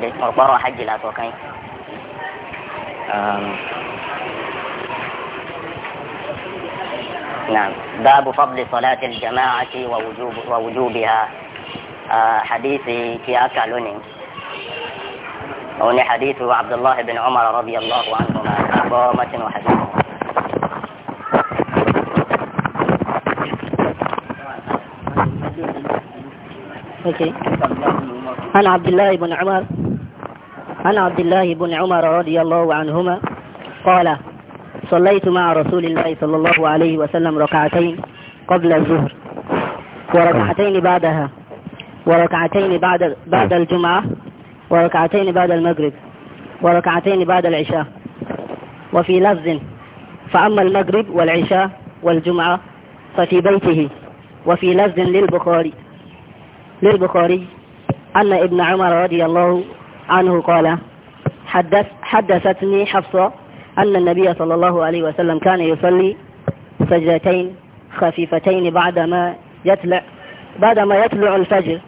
dai farkon hajji la to نعم باب فضل صلاة الجماعة ووجوب ووجوبها حديث في لونين هنا حديث عبد الله بن عمر رضي الله عنهما عظامة وحديث أوكي. هل عبد الله بن عمر عن عبد الله بن عمر رضي الله عنهما قال صليت مع رسول الله صلى الله عليه وسلم ركعتين قبل الظهر وركعتين بعدها وركعتين بعد بعد الجمعة وركعتين بعد المغرب وركعتين بعد العشاء وفي لفظ فأما المغرب والعشاء والجمعة ففي بيته وفي لفظ للبخاري للبخاري أن ابن عمر رضي الله عنه قال حدث حدثتني حفصة أن النبي صلى الله عليه وسلم كان يصلي سجدتين خفيفتين بعدما يطلع بعدما يطلع الفجر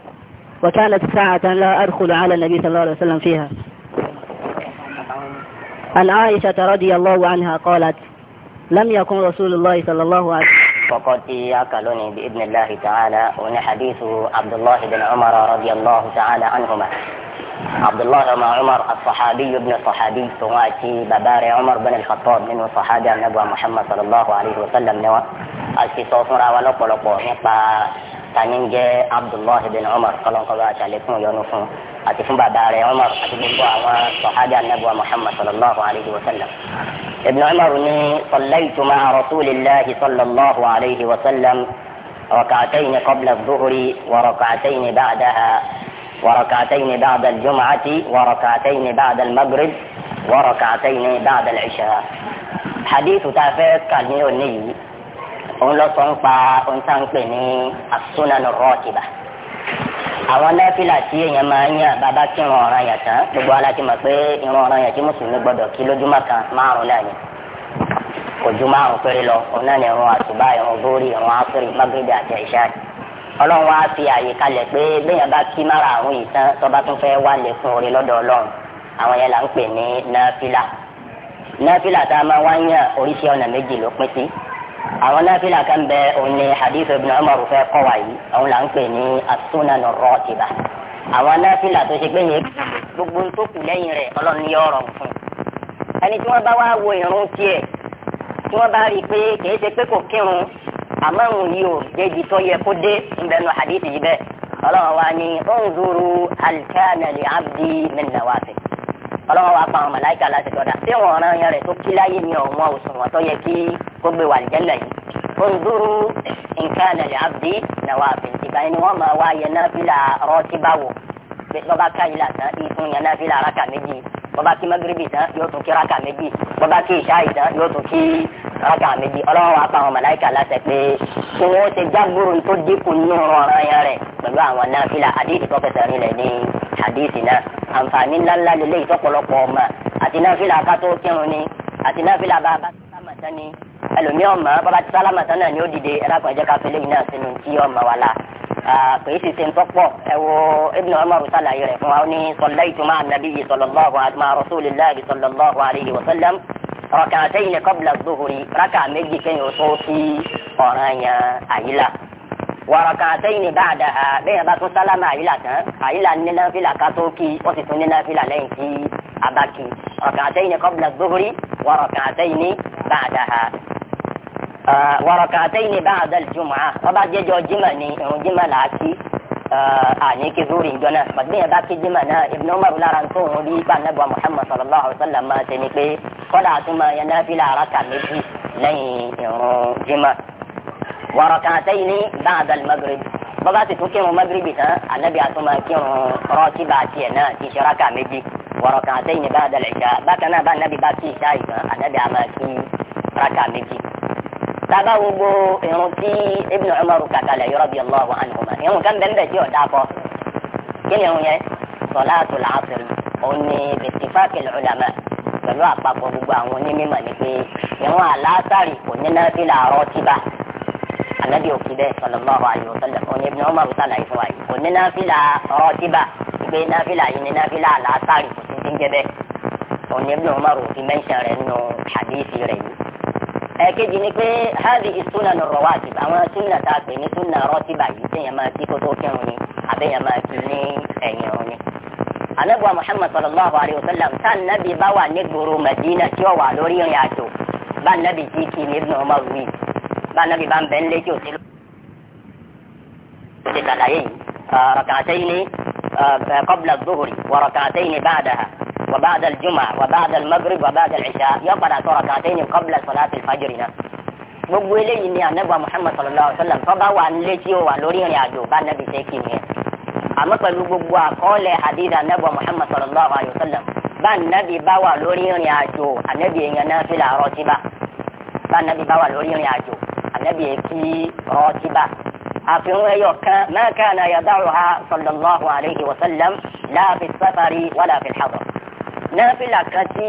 وكانت ساعة لا أدخل على النبي صلى الله عليه وسلم فيها عن عائشة رضي الله عنها قالت لم يكن رسول الله صلى الله عليه وسلم وقد إياك لني بإذن الله تعالى ونحديث عبد الله بن عمر رضي الله تعالى عنهما abdullahi ọmọ umar asahabi yóò bínú sahabi sòwọn àti bàbá rẹ̀ umar bin al-khattab nínú sahabi anabuwa muhammad sallallahu alayhi wa sallam ni wọn a ti sọ fúnra wa lọ́pọ̀lọpọ̀ nípa tani ń jẹ́ abdullahi bin umar kọlọńkọlọ àti àlékún yọnu fún àti fún bàbá rẹ̀ umar àti gbogbo àwọn sahabi anabuwa muhammad sallallahu alayhi wa sallam ibn umar ni sallaytu ma'a rasulillahi sallallahu alayhi wa sallam rak'atayn qabla adh-dhuhri wa rak'atayn ba'daha. وركعتين بعد الجمعة وركعتين بعد المغرب وركعتين بعد العشاء حديث تافه كان هو نيي òun lọ sọ ń pa ohun tá ń pè ní asúnanù rọ́ọ̀tìbà àwọn náfìlà tí èèyàn máa ń yàn bàbá kí irun ọ̀ràn yàn tán gbogbo aláti mọ̀ pé irun ọ̀ràn yàn tí mùsùlùmí gbọdọ̀ kí lójúmọ́ kan márùn náà ni kò ju márùn péré lọ òun náà ni irun àsùbá irun bórí irun áfírí mágídé àti ẹ̀ṣáàdì ọlọ́run wá fi àyè kalẹ̀ pé bẹ́ẹ̀ bá kí mara àwọn yìí tán tó bá tún fẹ́ wá lẹ́kùn orí lọ́dọ̀ ọlọ́run àwọn yẹn là ń pè ní náfìlà náfìlà tá a máa wá yàn oríṣi ọ̀nà méjì ló pín sí àwọn náfìlà kan bẹ òun ni hadith ibn umar fẹ́ kọ́ wa yìí òun là ń pè ní asúnanù rọ́ọ̀tìbà àwọn náfìlà tó ṣe pé yẹn gbogbo tó kù lẹ́yìn rẹ̀ ọlọ́run yóò rọrùn àmọ́ òun yìí ò débi tó yẹ kó dé nbẹnu hadith yìí bẹ́ẹ̀ ọlọ́run wa ni ọ̀nzúru alikánàlì abdi mẹ́nàwáfẹ́ ọlọ́run wa pa àwọn màláìka láti tọ́da tí wọn ọ̀ràn yẹn rẹ̀ tó kí láyé ni ọ̀wọ́n òṣùwọ̀n tó yẹ kí kó gbé wà lìjẹ́lẹ̀ yìí ọ̀nzúru nkánàlì abdi mẹ́nàwáfẹ́ ìgbà yẹn ni wọ́n máa wá yẹn náà fi là rọ́ọ̀tì báwò bọ́ba káyìí làtàn ìfún yẹn náà fi là rákà méjì bọ́bá kí magrebi tán yóò tún kí raka méjì bọ́bá kí ìṣáì tán yóò tún kí raka méjì ọlọ́run wa pa àwọn màláìka láṣẹ pé kí wọ́n ṣe jágbóró tó dínkù nínú ọ̀ràn yẹn rẹ̀ pẹ̀lú àwọn náfìlà àdéhìí tó fẹsẹ̀ rinlẹ̀ ní àdéhìí náà àǹfààní ńláńlá lélẹ́yìí tọ́pọ̀lọpọ̀ ọmọ àti náfìlà ká tó kírun ni àti náfìlà bá bá sálámàtán ni ẹlòmíọ̀mọ́ bọ́bá ti sálámàtán náà ni ó dìde ẹ̀rọ kìí sì ṣe ń tọ́pọ̀ ẹ wo ibn umar sàlàyé rẹ̀ fún wa ó ní sallaytu ma'a nabiyyi sallallahu alaihi ma'a rasulillahi sallallahu alaihi wa sallam rak'atayni qabla adh-dhuhri rákà méjì kẹ́yìn oṣù sí ọ̀ràn yẹn àyílà wa rak'atayni ba'daha bẹ́ẹ̀ bá tún sálámà àyílà tán àyílà nínà fìlà ká tó kí ó sì tún nínà fìlà lẹ́yìn tí a bá kí rak'atayni qabla adh-dhuhri wa rak'atayni ba'daha wàrọ̀kàtẹ́ yìí ni báàdà jùmọ̀ à wọ́n bá jẹ́jọ́ jimá ni ìrùn jimá là á kí àní kí zúrì ń jọ́nà pàtó yẹn bá kí jimá náà Ibn Umar lára tó ń rí ipa nàbà Muhammad sallallahu alayhi wa sallam máa ṣe ni pé kọ́lá àtúmọ̀ yẹn náà fi làárà kà méjì lẹ́yìn ìrùn jimá. wàrọ̀kàtẹ́ yìí ni báàdà magrib bọ́bá ti tún kírun magrib tán ànábì àtúmọ̀ kírun rọ́ọ̀kì bá tiẹ̀ náà ti ṣe rákà méjì wàrọ̀kàtẹ́ yìí ni báàdà ìṣá bákan náà bá ànábì bá kí ìṣá ìtàn ànábì àmà kí rákà méjì taba gbogbo irun tí Ibn Umar kàkàlẹ̀ radiyallahu anhuma irun kan bẹ́ẹ̀ bẹ́ẹ̀ tí ò dáa kọ́ kí ni irun yẹn salatul asr òun ni bi ittifaqil ulama pẹ̀lú àpapọ̀ gbogbo àwọn onímọ̀ ni pé irun àlásàrì kò ní náà fi làárọ̀ tíba anabi òkè bẹ́ẹ̀ sallallahu alaihi wasallam òun ni Ibn Umar sàlàyé fún wa yìí kò ní náà fi làárọ̀ tíba ìgbé náà fi làyé ní náà fi làlásàrì kò sí ti ń jẹ bẹ́ẹ̀ òun ni Ibn Umar òfin mẹ́ńṣẹ̀ rẹ̀ nù hadiisi rẹ̀ yìí ẹ̀kejì ni pé hadi ìsúná ní rawatib àwọn súnà tá a pè ní súnà rọ́tìbà yìí téèyàn máa kí kó tó kírun ni àbẹ́yàn máa kí ní ẹ̀yìn òun ni. anabuwa muhammad sallallahu alayhi wa sallam tá nabi bá wà ní gbòòrò madina tí ó wà lórí ìrìn àjò bá nabi jí kí ní ibùdó ọmọ wí bá nabi bá ń bẹ nílé tí ò sí lọ. ṣe ṣàlàyé yìí rak'atayn eh, qabla dhuhri wa rak'atayn ba'daha. وبعد الجمعة وبعد المغرب وبعد العشاء يقرأ ركعتين قبل صلاة الفجر náà gbogbo eléyìí ni anagba Muhammad sallallahu alaihi wa sallam tọ́ba wà nílé tí ó wà lórí ìrìn àjò bá nàbì ṣe kí nìyẹn àmọ́ pẹ̀lú gbogbo àkọọ́lẹ̀ hadith anagba Muhammad sallallahu alaihi wa sallam bá nàbì bá wà lórí ìrìn àjò anabi èèyàn náà fi làárọ̀ tí bá bá nàbì bá wà lórí ìrìn àjò anabi èkì rọ̀ tí bá àfihàn ẹyọ kan ma kana yada'uha sallallahu alaihi wa sallam la fi safari wala nẹ́fìlà kan tí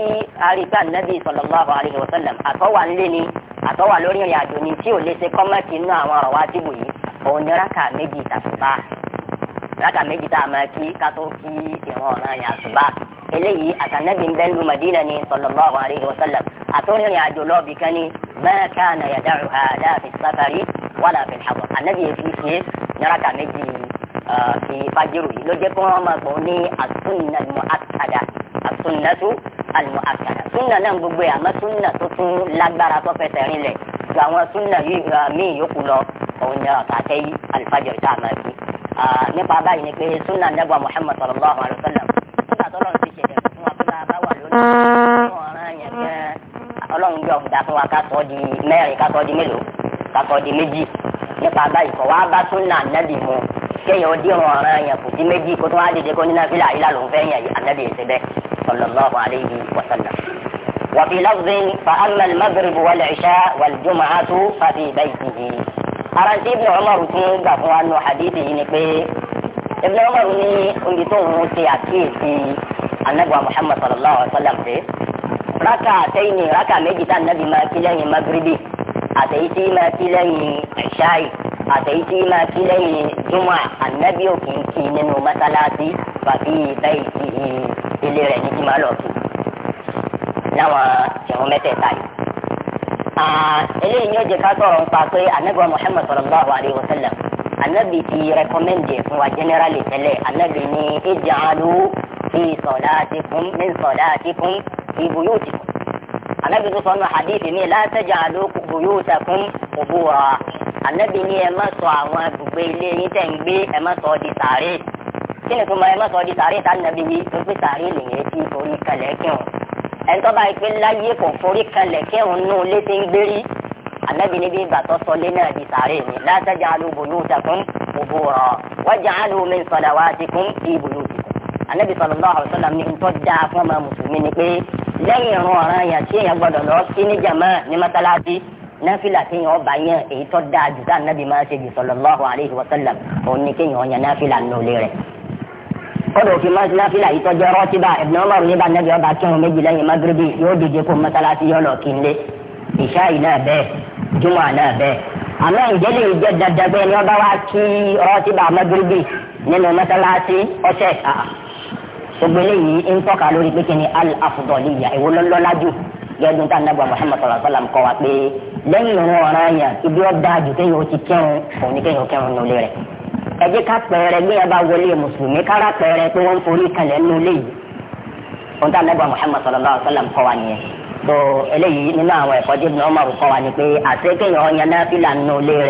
arígbà nẹ́bí sallallahu alaihi wa sallam àtọ́wà ńlé ni àtọ́wà lórí ìrìn àjò ni tí ò lè ṣe kọ́mẹ́tì inú àwọn ọ̀rọ̀ wa dìbò yìí òun ni rákà méjì tàṣùbà rákà méjì tá a máa kí ká tó kí ìwọ̀n ọ̀ràn yà àṣùbà eléyìí àtànẹ́bí ń bẹ́ lu Madina ni sallallahu alaihi wa sallam àtọ́rin ìrìn àjò lọ́ọ̀bì kan ni ma kana yada'uha ti fajiru yìí ló jẹ́ kí wọ́n máa gbọ́n ní asúnà al-mu'akkada asúnnatu al-mu'akkada súnà náà gbogbo ẹ̀ àmọ́ súnà tó tún lágbára tó fẹsẹ̀ rinlẹ̀ ju àwọn súnà míì yòókù lọ òun ni àkàtẹ́ yìí al-fajr tá a máa fi. nípa báyìí ni pé súnà nàbà Muhammad sallallahu alayhi wa sallam súnà tó lọ́n ti ṣẹ̀dẹ̀ fún wa fún wa bá wà lónìí ọlọ́run gbé ọ̀gùdà fún wa ká di mẹ́rin ká di mélòó ká di méjì nípa báyìí kọ̀ wá bá súnà nàbì mu kéèyàn ó dírun ọ̀ràn yẹn kò sí méjì kó tó wá dìde kó ní nàfílà àyílà ló ń fẹ́ yàn yìí ànábì èsì bẹ́ẹ̀ sallallahu alayhi wa sallam. وفي لفظ فأما المغرب والعشاء والجمعة ففي بيته أرانتي ابن عمر تيجا فوانو حديثه نكبي ابن عمر ني أمبتون موسي أكيسي النبوة محمد صلى الله عليه وسلم في ركعتين ركع مجتا النبي ما كلاه مغربي أتيتي ما كلاه عشائي àtẹ̀yìntì máa kí lẹ́yìn júmọ́ ànábì òkè ń kí nínú mọ́sálásí bàbí bẹ́ẹ̀ ti ilé rẹ̀ ní jìmọ́ lọ kí láwọn ìrún mẹ́tẹ̀ẹ̀ta yìí. eléyìí ni ó jẹ ká sọ̀rọ̀ ń pa pé ànábì Muhammad sallallahu alayhi wa sallam ànábì ti rẹkọmẹ́ndì fún wa jẹ́nẹ́rálì tẹ́lẹ̀ ànábì ní ij'alu fi salatikum min salatikum fi buyutikum ànábì tó sọ ànábì ní ẹ má sọ àwọn ibùgbé ilé yín tẹ̀ ń gbé ẹ má sọ di sàárè kí ni túmọ̀ ẹ má sọ di sàárè tá ànábì wí tó gbé sàárè lèyẹn tí orí kalẹ̀ kírun ẹni tó bá yẹ pé láyé kò forí kalẹ̀ kírun nù lé tí ń gbérí ànábì níbi ìbàtọ́ sọlé náà di sàárè ni la taj'alu buyutakum qubura waj'alu min salawatikum fi buyutikum ànábì sallallahu alaihi wasallam ní ntọ́ dáa fún ọmọ mùsùlùmí ni pé lẹ́yìn ìrún ọ̀ràn yàtí èèyàn gbọ́dọ̀ lọ sí ní jàmá ní mọ́sálásí náfìlà tí yàn ọba yẹn èyí tó dáa jù tá nàbì máa ṣe jù sallallahu alayhi wa sallam òun ni kí yàn yàn náfìlà nùlé rẹ̀. kódà òfin máa ṣe náfìlà yìí tọ́jú ọrọ́ tí bá Ibn Umar níbà nàbì ọba kírun méjì lẹ́yìn magrebi yóò dìde kó mọ́sálásí yọ̀ lọ kí n lé ìṣáì náà bẹ́ẹ̀ jùmọ̀ náà bẹ́ẹ̀. àmọ́ ìjẹ́lẹ̀ ìjẹ́ dandan pé ni ọba wa kí ọrọ́ bá magrebi nínú mọ́sálásí ọ̀sẹ̀ gbogbo eléyìí ń tọ́ka lórí pé kí ni al-afdaliyya ìwọlọ́lọ́lájú gẹ́gùn tá nàgbà Muhammad sallallahu alayhi wa sallam kọ́ wa pé lẹ́yìn ìrún ọ̀ràn yẹn ibi ó dáa jù kéèyàn ó ti kírun òun ni kéèyàn ó kírun nulẹ̀ rẹ̀ ẹ jẹ́ ká pẹ̀rẹ̀ bí ẹ wọlé mùsùlùmí kára pẹ̀rẹ̀ pé wọ́n forí kalẹ̀ nulẹ̀ yìí ohun tá nàgbà Muhammad sallallahu alayhi wa sallam kọ́ wa nìyẹn so eléyìí nínú àwọn ẹ̀kọ́ tí Ibn Umar kọ́ wa ni pé àti kéèyàn ọ̀yàn náà fi là nulẹ̀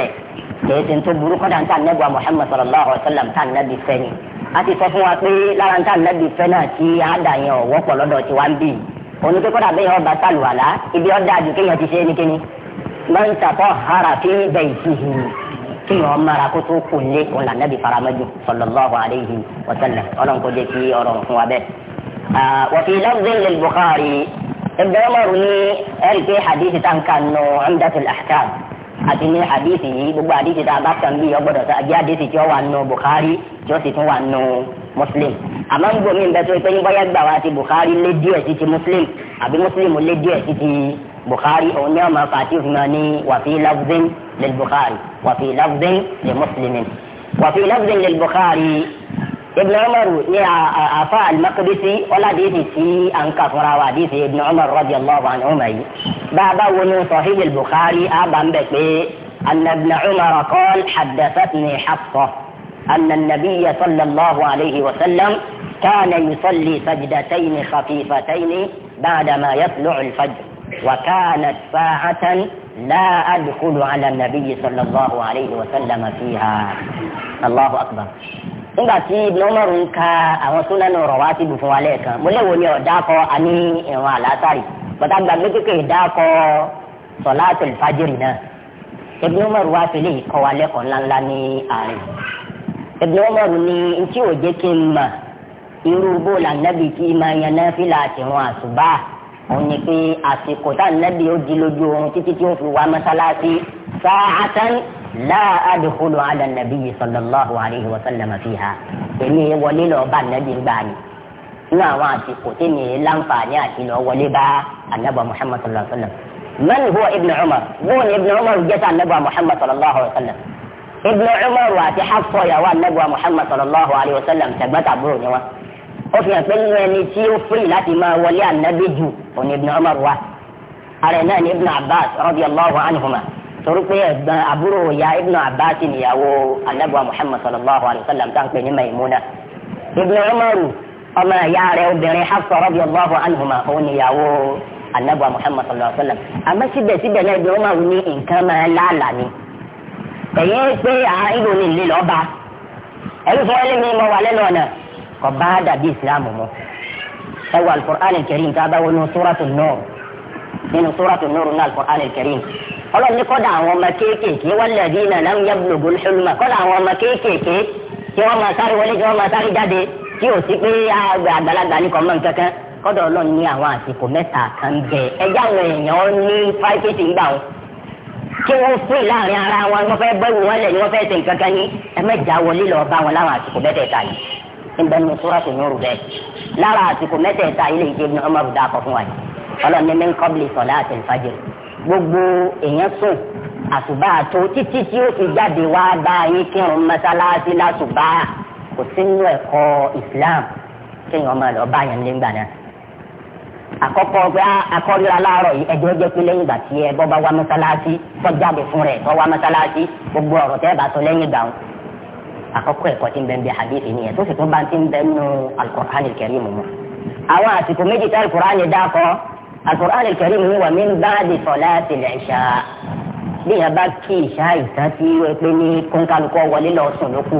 rẹ̀ kìí ṣe tó burú kọ́dà ń tà nàgbà Muhammad sallallahu Alaihi wa sallam tà nàbì fẹ́ ni a ti sọ fún wa pé lára ń tà nàbì fẹ́ náà tí àdàyàn ọ̀wọ́pọ̀ lọ́dọ̀ tí ń bì yìí òní pé kódà bẹ́ẹ̀ ọba sàlùwàlá ibi ọ̀dà àjù kéèyàn ti ṣe é ní kíni máa ń sàkọ́ hara fi bẹ̀ ìsìhì kí wọ́n mara kó tó kù lé òun lànàbí faramaju sallallahu alayhi wa sallam ọlọ́run kò jẹ́ kí ọ̀rọ̀ fún wa bẹ́ẹ̀. Ah, wa fi lafzin lil Bukhari ẹgbẹ́ ọmọrù ní ẹ̀rí pé hadith tanka nù umdatul ahkam àti ní àdìsí yìí gbogbo àdìsí tá a bá kàn bí ọgbọ́dọ̀ tá a jẹ́ àdìsí tí ó wà nù Bukhari tí ó sì tún wà nù Muslim àmọ́ ń gbòmí bẹ́ẹ̀ tó pé ń bọ́yá gbà wá ti Bukhari lé díẹ̀ sí ti Muslim àbí Muslim lé díẹ̀ sí ti Bukhari òun ní ọmọ fàtí fún mi ní wàfi lafzin lil Bukhari wàfi lafzin lil Muslim wàfi lafzin lil Bukhari ibn umar ni afa al-Maqdisi ọlá àdìsí tí a ń kà fúnra wa àdìsí ibn umar radiyallahu anhu بابا ونو صحيح البخاري أبا بكي أن ابن عمر قال حدثتني حفصة أن النبي صلى الله عليه وسلم كان يصلي سجدتين خفيفتين بعدما يطلع الفجر وكانت ساعة لا أدخل على النبي صلى الله عليه وسلم فيها الله أكبر إن باتي ابن عمر كا أوصلنا رواتب فواليكا مولي ولي أني وعلى تاريخ bàtà gbàgbé kékeré dákọ sọláàtì fàjìrì náà Ibn Umar wá fi lè kọ́ wa lẹ́kọ̀ọ́ ńláńlá ní àárín Ibn Umar ní ntí ò jẹ́ kí n mà irú bóòlù ànábì tí ma yan náà fi là àti wọn ni pé àsìkò tá ànábì ó di lójú oorun títí tí ó fi wá mọ́sálásí sa'atan la adkhulu ala nabiyyi sallallahu alayhi wa sallam fiha èmi wọlé lọ́ọ́ bá ànábì ń gbà ní nínú àwọn àsìkò tí mi láǹfààní àti lọ wọlé bá anábà muhammad sallallahu alaihi wa sallam man huwa ibn umar bóun ibn umar jẹta anábà muhammad sallallahu alaihi wa sallam ibn umar wà àti hafsọ ìyàwó anábà muhammad sallallahu alaihi wa sallam tẹgbẹta àbúrò ni wọn ó fi hàn pé nínú ẹni tí ó firi láti máa wọlé anábì jù òun ibn umar wà ara náà ni ibn abbas radiyallahu anhuma torí pé ẹ̀gbọ́n àbúrò ya ibn abbas níyàwó anábà muhammad sallallahu alaihi wa sallam tá à ń pè ní maimuna ibn umar ọmọ ìyá rẹ̀ obìnrin Hafsa radiyallahu anhuma òun níyàwó anabu Muhammad sallallahu alaihi wasallam àmọ́ síbẹ̀síbẹ̀ náà ibi wọn máa ní nǹkan máa láàlà ni ẹyẹ pé àìlò ní ìlú lọba ẹyẹ fún ẹlẹmi mọ wà lẹ́nu ọ̀nà kò bá dàbí ìsìlámù mu ẹ wọ alukur'an kẹrin tá a bá wọnú sóràtún nọọrù nínú sóràtún nọọrù ní alukur'an kẹrin ọlọ́run ní kọ́dà àwọn ọmọ kéékèèké walladina lam yablugul hulma kọ́dà àwọn ọmọ kéékèèké kí wọ́n máa sáré wọlé kí wọ́n máa sáré jáde tí ò sí pé àgbàlagbà ní kọ́mọ́ nǹkankan kọ́dọ̀ ọlọ́run ní àwọn àsìkò mẹ́ta kan bẹ ẹjẹ́ àwọn èèyàn ní fáìkìtì gbà wọn kí wọ́n fún láàrin ara wọn wọ́n fẹ́ bẹ́ẹ̀ wọ́n lẹ̀ ni wọ́n fẹ́ ṣe nǹkan kan ní ẹ mẹ́jà wọlé lọ bá wọn láwọn àsìkò mẹ́tẹ̀ẹ̀ta yìí níbẹ̀ nínú sóràtò yóò bẹ́ẹ̀ lára àsìkò mẹ́tẹ̀ẹ̀ta yìí lè jẹ́ ibi ọmọ rúdà kọ fún wa yìí ọlọ́run ní mẹ́ńkọ́bìlì sọ̀lá àtẹ̀lifájẹ gbogbo èèyàn sùn àsùbà tó títí tí ó fi jáde wá bá yín kírun mọ́sálásí lásùbà kò sínú ẹ̀kọ́ islam kéèyàn máa lọ bá yẹn léngbà náà àkọ́kọ́ pé akọ́ríra láàárọ̀ yìí ẹjọ́ jẹ́ pé lẹ́yìn ìgbà tí ẹ bọ́ bá wá mọ́sálásí tọ́jáde fún rẹ̀ tọ́ wá mọ́sálásí gbogbo ọ̀rọ̀ tẹ́ bá sọ lẹ́yìn ìgbà wọn àkọ́kọ́ ẹ̀kọ́ tí ń bẹ ń bẹ hadith nìyẹn tó sì tún bá ti ń bẹ nínú alukur'an kẹrì mu àwọn àsìkò méjì tí alukur'an dá kọ alukur'an kẹrì mu wà mí bá di sọlá tìlẹ̀ ṣá bí yẹn bá kí ìṣá ìṣá tí ó pé ní kónkálukọ wọlé lọ sùn lókù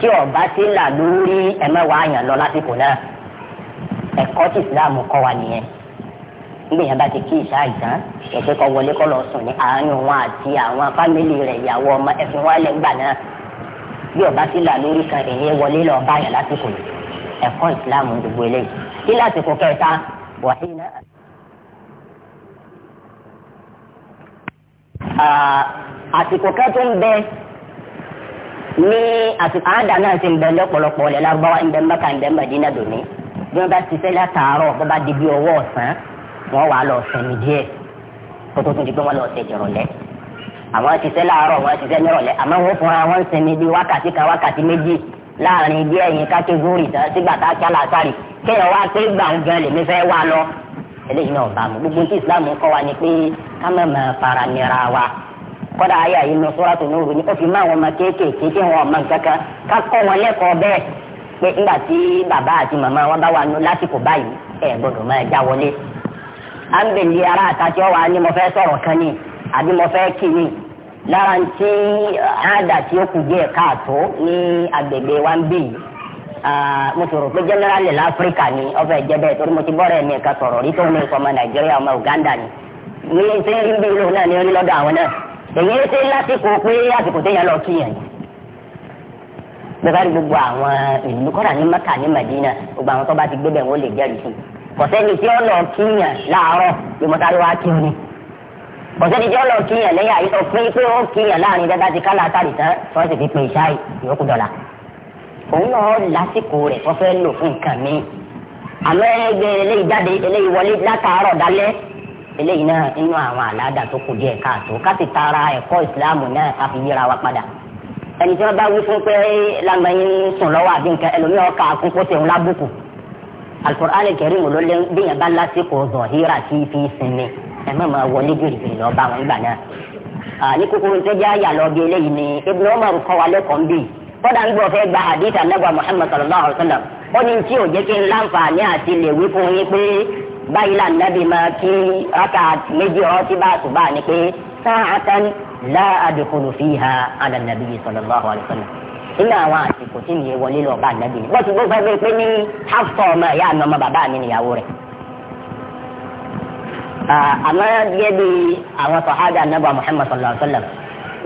tí ọba ti là lórí ẹ̀mẹ́wàá àyàn lọ lásìkò náà ẹ̀kọ́ tí ìsìláàmù kọ́ wa nìyẹn nígbà yẹn bá ti kí ìṣá ìtàn ẹ̀fẹ́ kọ́ wọlé kọ́ lọ sùn ní àárín wọn àti àwọn fámìlì rẹ̀ ìyàwó ọmọ ẹ̀fìn wọn lẹ̀ gbà náà bí ọba ti là lórí kan èyí wọlé lọ bá àyàn lásìkò ẹ̀kọ́ ìsìláàmù gbogbo eléyìí kí lásìkò kẹta wàhí náà. àsìkò kẹtù ń bẹ ní àsìkò àádá náà ti ń bẹ lọ́pọ̀lọpọ̀ ọ̀lẹ́ lárúbáwá ń bẹ mẹ́ka ń bẹ mẹ́dínà dòní bí wọ́n bá ṣiṣẹ́ látàárọ̀ bó bá di bí ọwọ́ ọ̀sán wọ́n wà lọ sẹ́mi díẹ̀ kó tó tún di pé wọ́n lọ ṣe ìrọ̀lẹ́ àwọn ṣiṣẹ́ láàárọ̀ wọ́n ṣiṣẹ́ nírọ̀lẹ́ àmọ́ wọ́n fúnra wọn sẹ́mi bí wákàtí kan wákàtí méjì láàrin bí ẹ̀yìn kákégórì tán sígbà tá a kí aláàtàrí kéèyàn wá pé gbàǹgàn lèmi fẹ́ wá ni pé ká má kọ́dà ayé àyè nù sóràtò nùrù ni ó fi má àwọn ọmọ kéékèèké tí wọn ọmọ nǹkan kan ká kọ́ wọn lẹ́kọ̀ọ́ bẹ́ẹ̀ pé nígbà tí bàbá àti màmá wọn bá wà nù lásìkò báyìí ẹ gbọ́dọ̀ máa já wọlé. à ń bèlè ara àtàtì ọwọ́ àní mo fẹ́ sọ̀rọ̀ kan ni àbí mo fẹ́ kí ni lára tí àádà tí ó kù díẹ̀ káàtó ní agbègbè wa ń bì yìí mo sọ̀rọ̀ pé general l'Áfíríkà ni ọ̀fẹ́ jẹ́ bẹ́ẹ̀ torí mo ti bọ́ọ̀rẹ́ mi ẹ̀ka sọ̀rọ̀ rí tó ní ìfọ̀mọ́ Nàìjíríà ọmọ Uganda ni ní sẹ́yìn bí ìlú náà ni ó ní lọ́dọ̀ àwọn náà èyí ṣe lásìkò pé àsìkò téèyàn lọ kíyàn ni bẹ́ẹ̀ bá rí gbogbo àwọn ìlú kọ́ra ní Mẹ́kà ní Mẹ́dínà gbogbo àwọn tó bá ti gbé bẹ̀ wọ́n lè jẹ́rìí sí kọ̀sẹ́ni tí ó lọ kíyàn láàárọ̀ ló mọ sáré wá kí ni kọ̀sẹ́ni tí ó lọ kíyàn lẹ́yìn àyíṣọ pé pé ó kíyàn láàrin dáadáa ti kálá àtàrí tán tí wọ́n sì fi ìyókù dọ̀là òun náà lásìkò rẹ̀ wọ́n lò fún nǹkan míì àmọ́ ẹgbẹ́ eléyìí náà inú àwọn àlàdà tó kù díẹ̀ káàtó ká sì tara ẹ̀kọ́ ìsìláàmù náà ká fi yíra wa padà ẹni tí wọ́n bá wí fún pé lamẹ́yìn sùn lọ́wọ́ àbí nǹkan ẹlòmíràn ká kún kó tẹ̀hún lábùkù alukur'an kẹrin mo ló lé bíyàn bá lásìkò zọhíra tí fi sinmi ẹ má máa wọlé gírígírí lọ bá wọn gbà náà ní kúkúrú tó já yà lọ bí eléyìí ni Ibn Umar kọ́ wa lẹ́kọ̀ọ́ ń bì kódà ń gbọ́ fẹ́ gba hadith anagba Muhammad sallallahu alayhi wa sallam ó ní tí ò jẹ́ kí n láǹfààní àti lè wí fún yín pé báyìí là nàbì máa kí rákà méjì ọtí bá àtúbà ni pé sáàtàn lá àdìkùnú fi ha àlà nàbì sallallahu alaihi wasallam nínú àwọn àsìkò tí mi wọlé lọ bá nàbì ni bọ́sù gbọ́dọ̀ fẹ́ pé ní Hafsa ọmọ ìyá mi ọmọ bàbá mi nìyàwó rẹ̀. àmọ́ gẹ́gẹ́ bí àwọn sọ̀hádà nàbà Muhammad sallallahu alaihi wasallam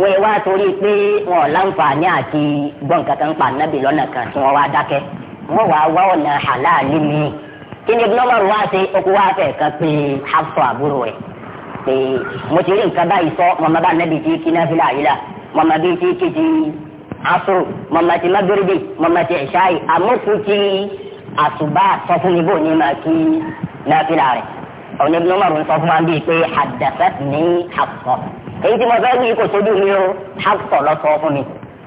wọ́n wá torí pé wọn ò láǹfààní àti gbọ̀ǹkankan pa nàbì lọ́nà kan tí wọ́n wá dákẹ́ wọ́n wá wá ọ̀nà halali mi ìyẹn bí wọ́n bá wá ṣe okùn wá fẹ̀ kan pé hafsa àbúrò rẹ̀ pé mo ti rí nǹkan báyìí sọ mọ̀mọ́ bá nẹ́bi tí kí náfìlà yìí la mọ̀mọ́ bí tí kì ti asuru mọ̀mọ́ ti magrebi mọ̀mọ́ ti ẹ̀ṣáì àmọ́kù ti àsùbá sọ fún mi bò ní ma kí náfìlà rẹ̀ ọ̀nà ìbí wọ́n bá sọ fún wa bíi pé àdàfẹ́ ní hafsa èyí tí mo fẹ́ wí kò sójú mi o hafsa lọ sọ fún mi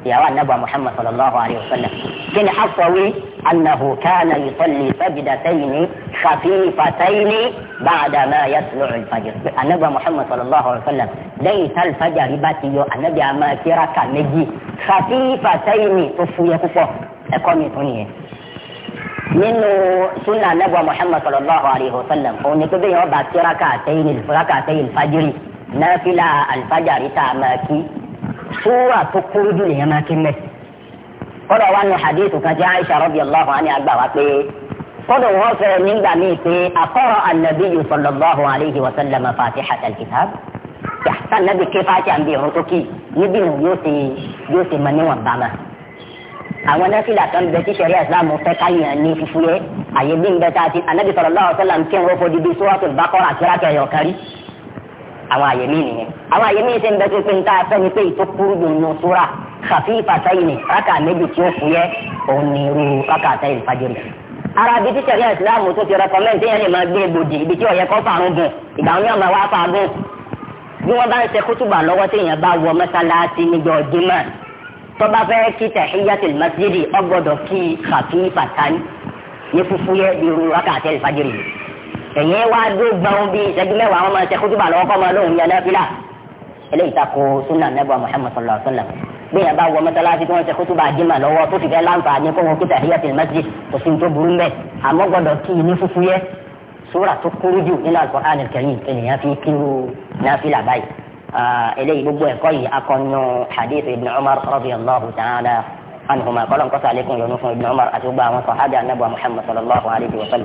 ìyàwó anábọ̀ muhammad sallallahu alayhi wa sallam kí ni hafsa wí annahu kana yusalli sajidatayni khafifatayni ba'da ma yaslu al-fajr anábọ̀ muhammad sallallahu alayhi wa sallam lẹ́yìn tá al-fajr rí bá ti yọ anábì àmà kíra kà méjì khafifatayni tó fúyẹ́ púpọ̀ ẹ̀kọ́ mi tún nìyẹn nínú sunna anábọ̀ muhammad sallallahu alayhi wa sallam òun ni pé yọ bá kíra kà sẹ́yìn fajiri náà fi la tá a máa kí súrà tó kúrú jù lèèyàn máa kí mẹ́. kọ́dọ̀ wá ní hadith kan tí Aisha radiyallahu anha àgbà wá pé kọ́dọ̀ wọ́n fẹ́ nígbà míì pé àkọ́rọ̀ annabiyyu sallallahu alayhi wa sallam fatihat al-kitab yàtọ̀ nàbì ké fàtí à ń bí irun tó kì níbí nù yóò ṣe yóò ṣe mọ níwọ̀n bàmà. àwọn nọ́ọ̀sìlà kan bẹ tí sẹ́rí ìsìlámù fẹ́ káyàn ní fífúyẹ́ àyè bí ń bẹ tá a ti anabi sallallahu sallam kí n wọ́n fọ́ di bí suratul baqara àwọn àyè míì nìyẹn àwọn àyè míì ṣe ń bẹ tó pé níta fẹ́ ni pé ìtókùrú dùn nù súra kàfí ìfàsẹ́yìn ni rákà méjì tí ó fúyẹ́ òun ni irú rákà àtẹ́yìn fàjẹrì ara bíi tí sẹ̀rí ìsìláàmù tó ti rẹkọmẹ́ǹtì yẹn lè máa gbé egbòdì ibi tí ọ̀yẹ́ kọ́ fàrún gùn ìgbà wọn ni ọmọ wa fàgùn bí wọ́n bá ń ṣe kútùbà lọ́wọ́ tí èèyàn bá wọ mọ́sálásí níjọ́ jimá tó fẹ́ kí tahiyatul masjidi ó gbọ́dọ̀ kí khafifatani ní fúfú yẹ irú rákà àtẹ́yìn fàjẹrì yìí ẹ̀yìn wá dé gbàùn bíi ìṣẹ́jú mẹ́wàá wọn máa ṣe kútùbà lọ́wọ́ kọ́ máa lóhùn yẹn náfìlà eléyìí tako sunna nebo muhammad sallallahu alaihi wa sallam bí yẹn bá wọ mọ́tàláṣí tí wọ́n ṣe kútùbà jimá lọ́wọ́ tó fi fẹ́ láǹfààní kó wọn kúta ìyá tìlí masjid kò sí tó burú mbẹ́ àmọ́ gbọ́dọ̀ kí ní fúfú yẹ sóra tó kúrú jù nínú al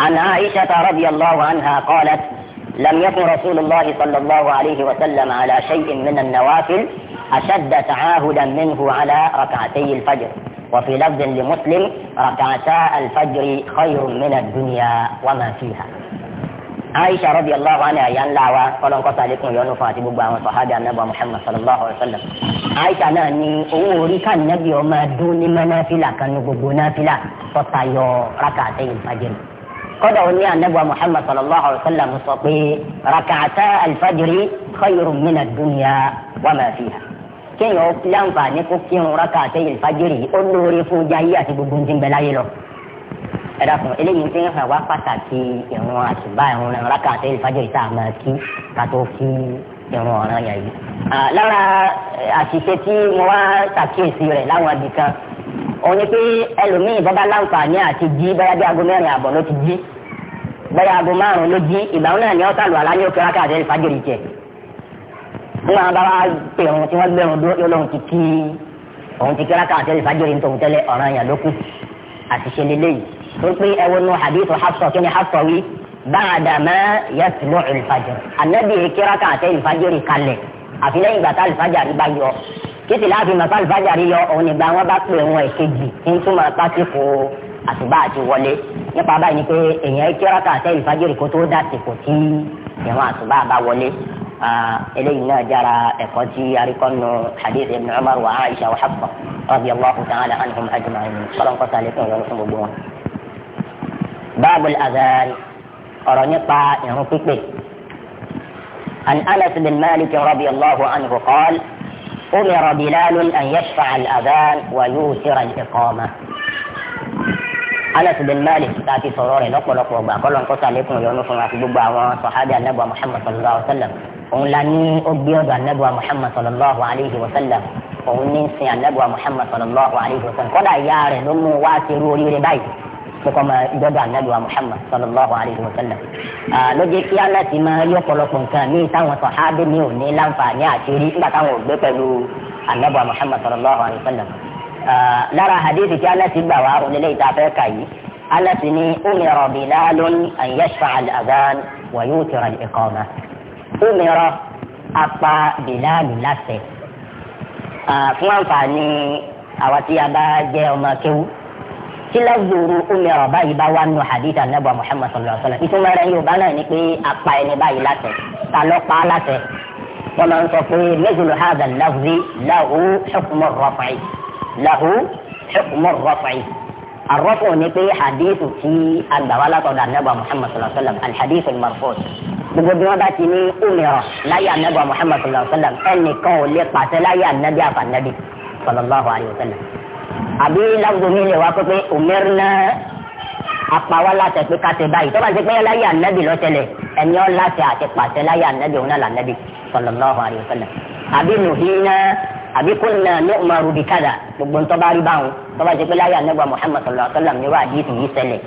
عن عائشة رضي الله عنها قالت لم يكن رسول الله صلى الله عليه وسلم على شيء من النوافل أشد تعاهدا منه على ركعتي الفجر وفي لفظ لمسلم ركعتا الفجر خير من الدنيا وما فيها aisha rabi allahu anha aya ńlá wa kọlọ́n kọ́sọ́ àlékún yọnu fún àti gbogbo àwọn sọ̀hábì anábọ̀ muhammad sallallahu alayhi wa sallam aisha náà ní owó orí kànábì ọmọ dún ní manáfìlà kan ní gbogbo náfìlà tọ́ta yọ rákà àtẹ̀yìn fàjẹrì kọ́dà ó ní anábọ̀ muhammad sallallahu alayhi wa sallam sọ pé rákà àtẹ alfajiri khayrun mina dunya wa ma fiha kéèyàn láǹfààní kó kírun rákà àtẹ̀yìn fàjẹrì ó lóore fún jayé àti gbogbo ní ẹ dàpọ̀ eléyìí fi ń hàn wá pàtàkì ìrun àṣùbà ìrun ẹ̀rọ rákà àti ìfàjọ ìta àmọ́ kí ká tó kí ìrun ọ̀ràn yẹn yìí. lára àṣìṣe tí mo wá ṣàkíyèsí rẹ̀ láwọn ibì kan òun ni pé ẹlòmíì bọ́bá láǹfààní àti jí bóyá bí aago mẹ́rin àbọ̀ ló ti jí bóyá aago márùn ló jí ìgbàwọn náà ni ó sàlù àlá ní òkè rákà àti ìfàjọ ìjẹ nígbà wọn bá wá pè òun tí wọ́n gbẹ̀rún dúró yóò lóun àṣìṣe lélẹ́yìí wípé ẹwọ́n nu hadith hafsa kí ni hafsa wí báadàmá yẹtùlú ìlfàjẹ anabi ekera kan àtẹ ìlfàjẹrì kalẹ̀ àfi lẹ́yìn gbàtà ìlfàjẹrì bá yọ títí láàfin màtà ìlfàjẹrì yọ òun nígbà wọn bá pè wọn èkejì kí n túmọ̀ pásífò àti wọlé nípa báyìí ni pé èèyàn ekera àtẹ ìlfàjẹrì kó tó dà tìkò tí ìwọn àtùbá bá wọlé eléyìí náà jára ẹ̀kọ́ tí arikọ́nù hadith ibn umar wa aisha wa hafsa radiyallahu ta'ala anhum ajma'in kọ́lọ́n kọ́ta lẹ́kọ̀ọ́ yọrọ fún gbogbo wọn. باب الأذان أرنطع ينطق ان أنس بن مالك رضي الله عنه قال أمر بلال أن يشفع الأذان ويوتر الإقامة أنس بن مالك تأتي صروري نقل نقل بقى قال انقص عليكم يونس وعسدوبة وصحابي النبوة محمد صلى الله عليه وسلم òun la ابيض ó محمد صلى الله muhammad sallallahu alayhi wa sallam òun ní sin anábùwà muhammad sallallahu alayhi wa sallam kókó máa dọ́dọ̀ ànábì wa muhammad sallallahu alayhi wa sallam. ló jẹ́ kí aláti máa yọ ọ̀pọ̀lọpọ̀ nǹkan ní táwọn sọ̀hábí mi ò ní láǹfààní àti rí nígbà táwọn ò gbé pẹ̀lú ànábì wa muhammad sallallahu alayhi wa sallam. lára hadithi tí aláti gbà wá onílé ìtafẹ́ kà yìí aláti ní umira bilalun an yashfa al-adhan wa yutira al-iqama. umira apá bilalu láṣẹ. fún àǹfààní àwọn tí a bá jẹ́ ọmọ kéwú tí lẹ́gbòrò omi ọ̀rọ̀ báyìí bá wà nù hadith anabu muhammad sallallahu alayhi wa sallam ìtumọ̀ rẹ̀ yorùbá náà ni pé apá ẹni báyìí láṣẹ ta ló pa á láṣẹ wọ́n máa ń sọ pé mẹ́jọlù hadha lafzi lahu hukmu rafi lahu hukmu rafi arọ́fọ̀ ni pé hadith tí agbàwá látọ̀dọ̀ anabu muhammad sallallahu alayhi wa sallam alhadith marfu gbogbo bí wọn bá ti ní omi ọ̀rọ̀ láyé anabu muhammad sallallahu alayhi wa sallam ẹnìkan ò lè pàṣẹ láyé anabi àfànàbi sallallahu alayhi wa sallam àbí láwùjọ mi lè wá pé pé òmẹ́rin náà apáwá láti pé ká ṣe báyìí tó bá ṣe pé láyé ànábì lọ́sẹ̀lẹ̀ ẹni ọ́ láti àti pàṣẹ láyé ànábì òun náà lànábì sallallahu alaihi wasallam àbí nùhínà àbí kúnlẹ̀ ní umaru bí kádà gbogbo ntọ́ bá rí báwọn tó bá ṣe pé láyé ànábì muhammad sallallahu alaihi wasallam ní wàá di ìtìyí ṣẹlẹ̀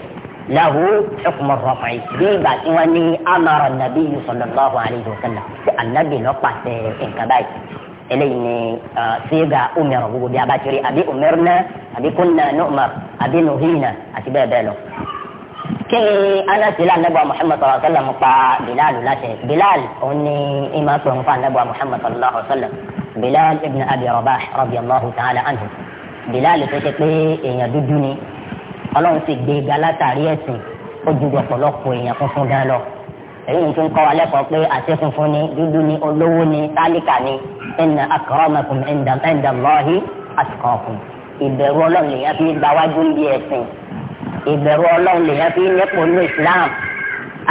lahu hukmu rafi bí ìgbà tí wọ́n ní amara nàbí sallallahu alaihi wasallam eléyìí ni ṣéga umar gbogbo bí a bá tiri àbí umar náà àbí kunna nu'mar àbí nuhina àti ah, bẹ́ẹ̀ bẹ́ẹ̀ lọ. kí ni anasila anabuwa muhammad sallallahu alaihi wa sallam pa bilal láṣẹ bilal òun ni ima pè ń fa anabuwa muhammad sallallahu alaihi wa sallam bilal ibn abi rabah radiyallahu ta'ala anhu bilal tó ṣe pé èèyàn dúdú ni ọlọ́run sì gbé ga látàrí ẹ̀sìn ó ju ọ̀pọ̀lọpọ̀ èèyàn funfun gan lọ èyí tó ń kọ́ wa lẹ́kọ̀ọ́ pé àti funfun ni dúdú ni olówó ni tálíkà ni inna akramakum inda Allahi atqakum ìbẹ̀rù ọlọ́run lèyàn fi gba wájú níbi ẹ̀sìn ìbẹ̀rù ọlọ́run lèyàn fi nípò ní Islam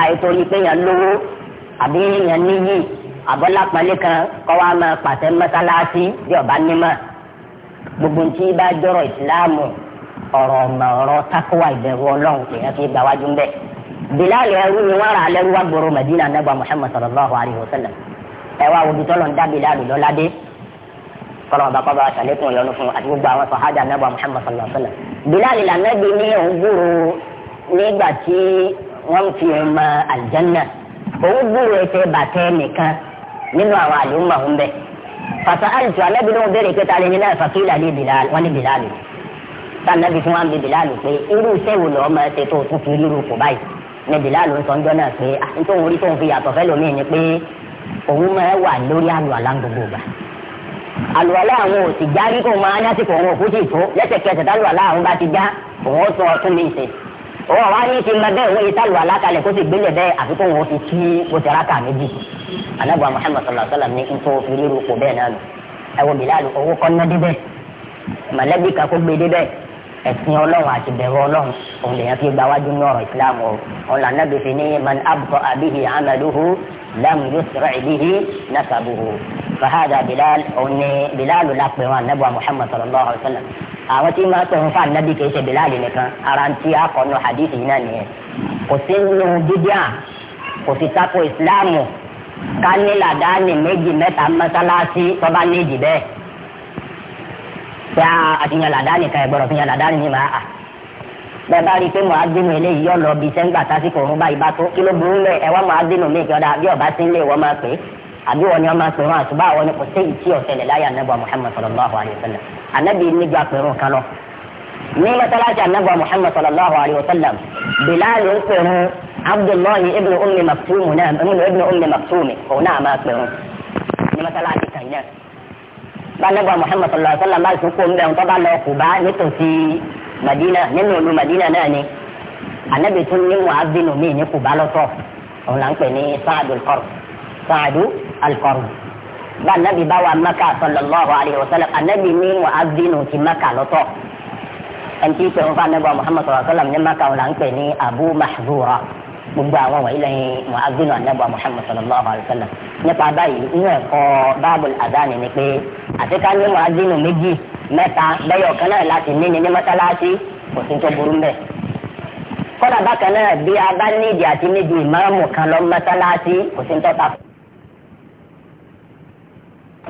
àìtórí pé yàn lówó àbí yàn níyì àbọ́lápàlẹ́ kan kọ́ wa máa pàṣẹ mọ́sálásí bí ọba nímọ̀ gbogbo tí bá jọrọ Islam ọ̀rọ̀ ọ̀mọ̀ ọ̀rọ̀ tákùwà ìbẹ̀rù ọlọ́run lèyàn fi gba wájú bilal ẹrú ni wọn rà lẹ́rú wa gbòòrò madina anagba muhammad sallallahu alayhi wa sallam ẹ wá wo bitọ́lọ̀ ń dá bilal lọ́ládé kọ́lọ́mù bá kọ́ba àtàlẹ́kùn ìyọnu fún àti gbogbo àwọn sọ̀hádà anagba muhammad sallallahu alayhi wa sallam bilal lànàgbé ní òun gbòòrò nígbà tí wọ́n fi ma aljanna òun gbòòrò ẹsẹ̀ bàtẹ́ nìkan nínú àwọn àlùmọ̀ ọ̀hún bẹ́ẹ̀ fasa àlùtù anábì ló ń béèrè pé tani nínú àfàkìlà ní bilal wọn ní bilal sanabi fún wa bi bilal pé irú iṣẹ́ wo lọ́ọ́ máa tó o tún fi irú kò ni bilal ń sọ ń jọ náà pé ah, nítorí orí tóun fi yàtọ̀ fẹ́ lómi ni pé òun máa wà lórí àlùwàlá gbogbo gbà àlùwàlá àwọn òsì já rí kó máa lásìkò òun òkú sì tó lẹ́sẹ̀kẹsẹ̀ tálùwàlá àwọn bá ti já òun ó sọ ọtún mi ṣe òun àwa ní ti máa bẹ́ẹ̀ wọ́n yí tálùwàlá kalẹ̀ kó sì gbélé bẹ́ẹ̀ àfi kó òun ó kí ó ti rákà méjì anábọ̀ Muhammad sallallahu nítorí òfin rírú kò bẹ́ẹ̀ náà nù ẹ̀wọ̀n bilal owó kọ́ ná débẹ̀ mọ̀lẹ́bí kan kó gbé débẹ̀ ẹ̀sìn ọlọ́run àti bẹ̀rù ọlọ́run òun lèyàn fi gba wájú ní ọ̀rọ̀ ìsìlámù o òun lànà gbèsè ní man abọ abihi amaduhu lam yusra ibihi nasabuhu fahada bilal òun ni bilal la pè wọn anabu muhammad sallallahu alayhi wa sallam àwọn tí máa tẹ̀wọ́n fún anabi kì í ṣe bilal nìkan ara ń tí a kọ́ nu hadith yìí náà nìyẹn kò sí nu dídíà kò sí tako ìsìlámù ká ní làdáni méjì mẹ́ta mọ́sálásí tó bá ní ìdí pé àfihàn làdá nìkan ẹ̀gbọ́dọ̀ fihàn làdá ni màá à bẹ́ẹ̀ bá rí i pé màá dínú eléyìí yọ lọ bí sẹ́ńgbà tásìkò òun báyìí bá tó kí ló burú mẹ́ ẹ wá màá dínú mí ìjọba bí ọba sí ilé wọn máa pè é àbí wọn ni wọn máa pè wọn àtúbà wọn ni kò sí ìtì ọ̀sẹ̀lẹ̀ láyé anábọ̀ Muhammad sallallahu alayhi wa sallam anábì nígbà pẹ̀rún kan lọ ní mọ́sálásí anábọ̀ Muhammad sallallahu alayhi wa sallam Bilal ń pẹ̀rún Abdullahi ibn Ummi Maktum náà ibn Ummi Maktum òun náà máa pẹ̀rún ní mọ́sálásí kan náà balẹ̀gbọ́n muhammed sallallahu alayhi wa sallam bá tún kó ń bẹ̀ ń tọ́ bá lọ Kùbá nítòsí madina nínú ìlú madina náà ni anabi tún ní wọn abinu mi ní Kùbá lọ́tọ̀ òun là ń pè ní saadu alqarn saadu alqarn bá anabi bá wa maka sallallahu alayhi wa sallam anabi ní wọn abinu ti maka lọ́tọ̀ ẹn tí pé wọn fún anabi muhammed sallallahu alayhi wa sallam ní maka òun là ń pè ní abu mahzura gbogbo àwọn wọ̀nyí lẹ́yìn muhammadu anabu muhammad sallallahu alayhi wa sallam nípa báyìí inú ẹ̀kọ́ báàbùl àdáni ni pé àti ká ní muhammadu méjì mẹ́ta bẹ́yọ̀ kan náà láti ní ní ní mọ́sálásí kò sí tó burú mbẹ́. kọ́lá bákan náà bí a bá nídìí àti níbi ìmáàmù kan lọ mọ́sálásí kò sí tó ta.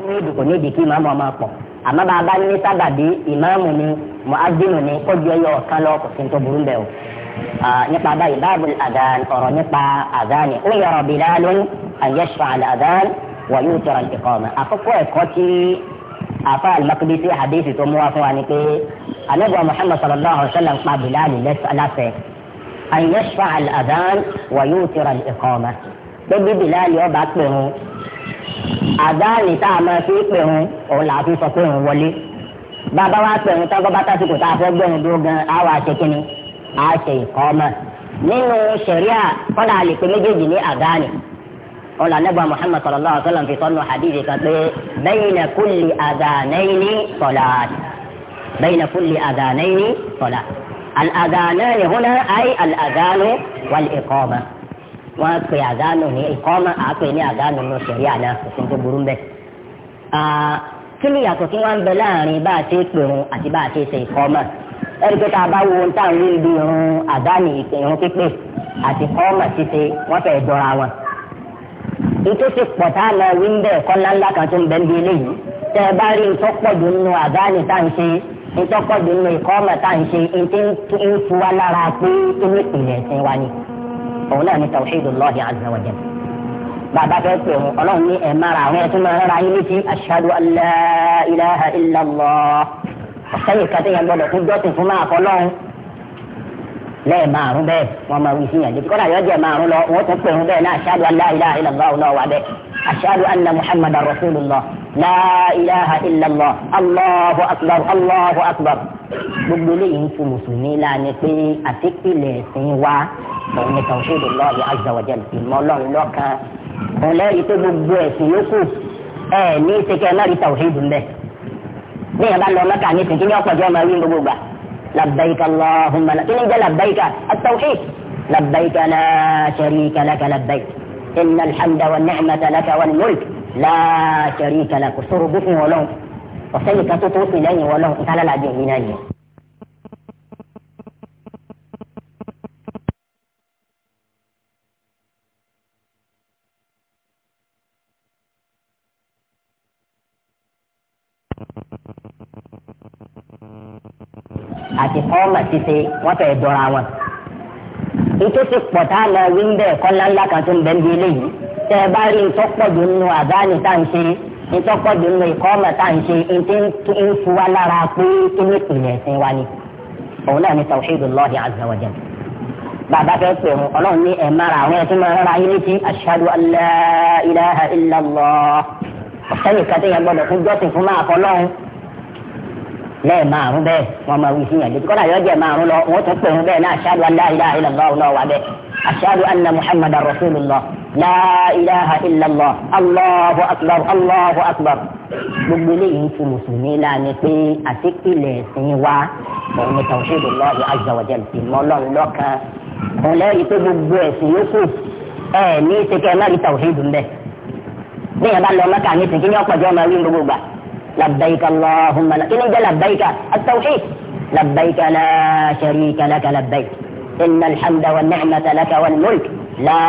nídìí kò nídìí kí ìmáàmù ọmọ pọ̀ àmọ́ bá a bá ní sábàbí ìmáàmù ni muhammadu ni kó Ah, nípa báyìí báàbù àdán ọ̀rọ̀ nípa àdán ni ó yọrọ Bilalun an yashfa'a al-adhan wa yutra al-iqama àkọ́kọ́ ẹ̀kọ́ tí afa al-Maqdisi hadithi tó mú wá fún wa ni pé anabiwa Muhammad sallallahu alaihi wa sallam pa Bilal láṣẹ an yashfa'a al-adhan wa yutra al-iqama gbẹgbẹ Bilal yóò bá pè hun tá a máa fi pè òun là á fi sọ pé wọlé bàbá wa pè hun tọ́gọ́ bá tá a fẹ́ gbẹ̀hún dúró gan-an á wà á ṣe ìkọ́mà nínú sẹ̀ríà kọ́lá àlè pé méjèèjì ní àdáni ọ̀là nẹ́bà Muhammad sallallahu alaihi wa sallam fi sọ́nù hadithi kan pé bayna kulli adhanayni salat bayna kulli adhanayni salat al-adhanani huna ay al-adhanu wal wọ́n pe àdánù ní ìkọ́mà àpè ní àdánù ní sẹ̀ríà náà kò sí burú bẹ́ẹ̀ kí ni yàtọ̀ tí wọ́n ń bẹ láàrin bá a ti pèrún àti bá a ti ṣe ìkọ́mà ẹni pé tá a bá wo ohun tá à ń rí ibi irun àdáni ìrun pípé àti kọ́ọ̀mà ṣíṣe wọ́n fẹ́ dọ́ra wọn. ètò ti pọ̀ tá a lọ wí kọ́lá ńlá kan tó ń bẹ́ ń eléyìí tẹ́ ẹ bá rí nǹkan pọ̀ jù nínú àdáni tá à ń ṣe nǹkan pọ̀ jù nínú ìkọ́ọ̀mà tá à ń ṣe ní ń fu wa lára pé inú ìpìlẹ̀ ẹ̀sìn wa ni òun náà ni tawhidullah azza wa jalla bàbá fẹ́ pè wọn ọlọ́run ní ẹ̀ mára àwọn ẹ̀sìn máa rárá yín létí ashhadu an la ọ̀sẹ́yìn kan téèyàn gbọ́dọ̀ tún jọ́sìn fún máa fọlọ́run lẹ́ẹ̀ márùn bẹ́ẹ̀ wọ́n máa wí síyàn jẹ́ kọ́dà yọjẹ́ márùn lọ wọ́n tún pè ń bẹ́ẹ̀ náà aṣáájú aláìlá ìlànà ọ̀nà wà bẹ́ẹ̀ aṣáájú anna muhammad rasulillah láìláha ìlànà allahu akbar allahu akbar gbogbo eléyìí ń tu mùsùlùmí láàánú pé àtìpìlẹ̀ ẹ̀sìn wa òun ni tawhidullah azza wa jalla ìmọ̀ ọlọ́run lọ́kan òun lẹ́rìí pé gbogbo ẹ̀sìn yókù ẹ̀ ní ìṣèkẹ́ náà rí tawhid bẹ́ẹ̀. بيها بعد لو مكة عميسة كيني جوا مالين بقوبة لبيك اللهم لك كيني جا لبيك التوحيد لبيك لا شريك لك لبيك إن الحمد والنعمة لك والملك لا شريك لك سربك ولو وسيك تطوط ولو تعالى العجيب من أجل ìkọ́mà ṣíṣe wọ́n fẹ́ dọ́ra wọn. ètò ti pọ̀ tá a lọ wí ń bẹ̀ ẹ̀kọ́ ńláńlá kan tó ń bẹ̀ ń bí eléyìí tẹ́ ẹ bá rí ìtọ́pọ̀jù nínú àdáni tá à ń ṣe ìtọ́pọ̀jù nínú ìkọ́mà tá à ń ṣe ètò ń fu wa lára pé kí ní ìpìlẹ̀ ẹ̀sìn wa ni òun náà ni tawhidullahi azza wa bàbá fẹ́ pè wọn ọlọ́run ní ẹ̀ mara àwọn ẹ̀ tó máa rárá yín létí ashhadu an la ilaha illallah ọ̀sẹ́nìkan tó yẹ gbọ́dọ̀ fún jọ́sìn fún lẹ́ẹ̀ márùn bẹ́ẹ̀ wọ́n máa wí fún yàn létí kọ́lá yọjẹ́ márùn lọ wọ́n tún pèrún bẹ́ẹ̀ náà aṣáájú aláìlá ìlàlọ́ ọlọ́wà bẹ́ẹ̀ aṣáájú anna muhammad rasulillah láìláha ìlàlọ́ allahu akbar allahu akbar gbogbo eléyìí ti mùsùlùmí láàánú pé àti ilẹ̀ ẹ̀sìn wa òun ni tawhidullah azza wa jalla ìmọ̀lọ́run lọ́kan òun lẹ́yìn pé gbogbo ẹ̀sìn yókù ẹ̀ ní ìṣèkẹ́ náà rí tawhidun bẹ́ẹ̀ لبيك اللهم لك إني لبيك التوحيد لبيك لا شريك لك لبيك إن الحمد والنعمة لك والملك لا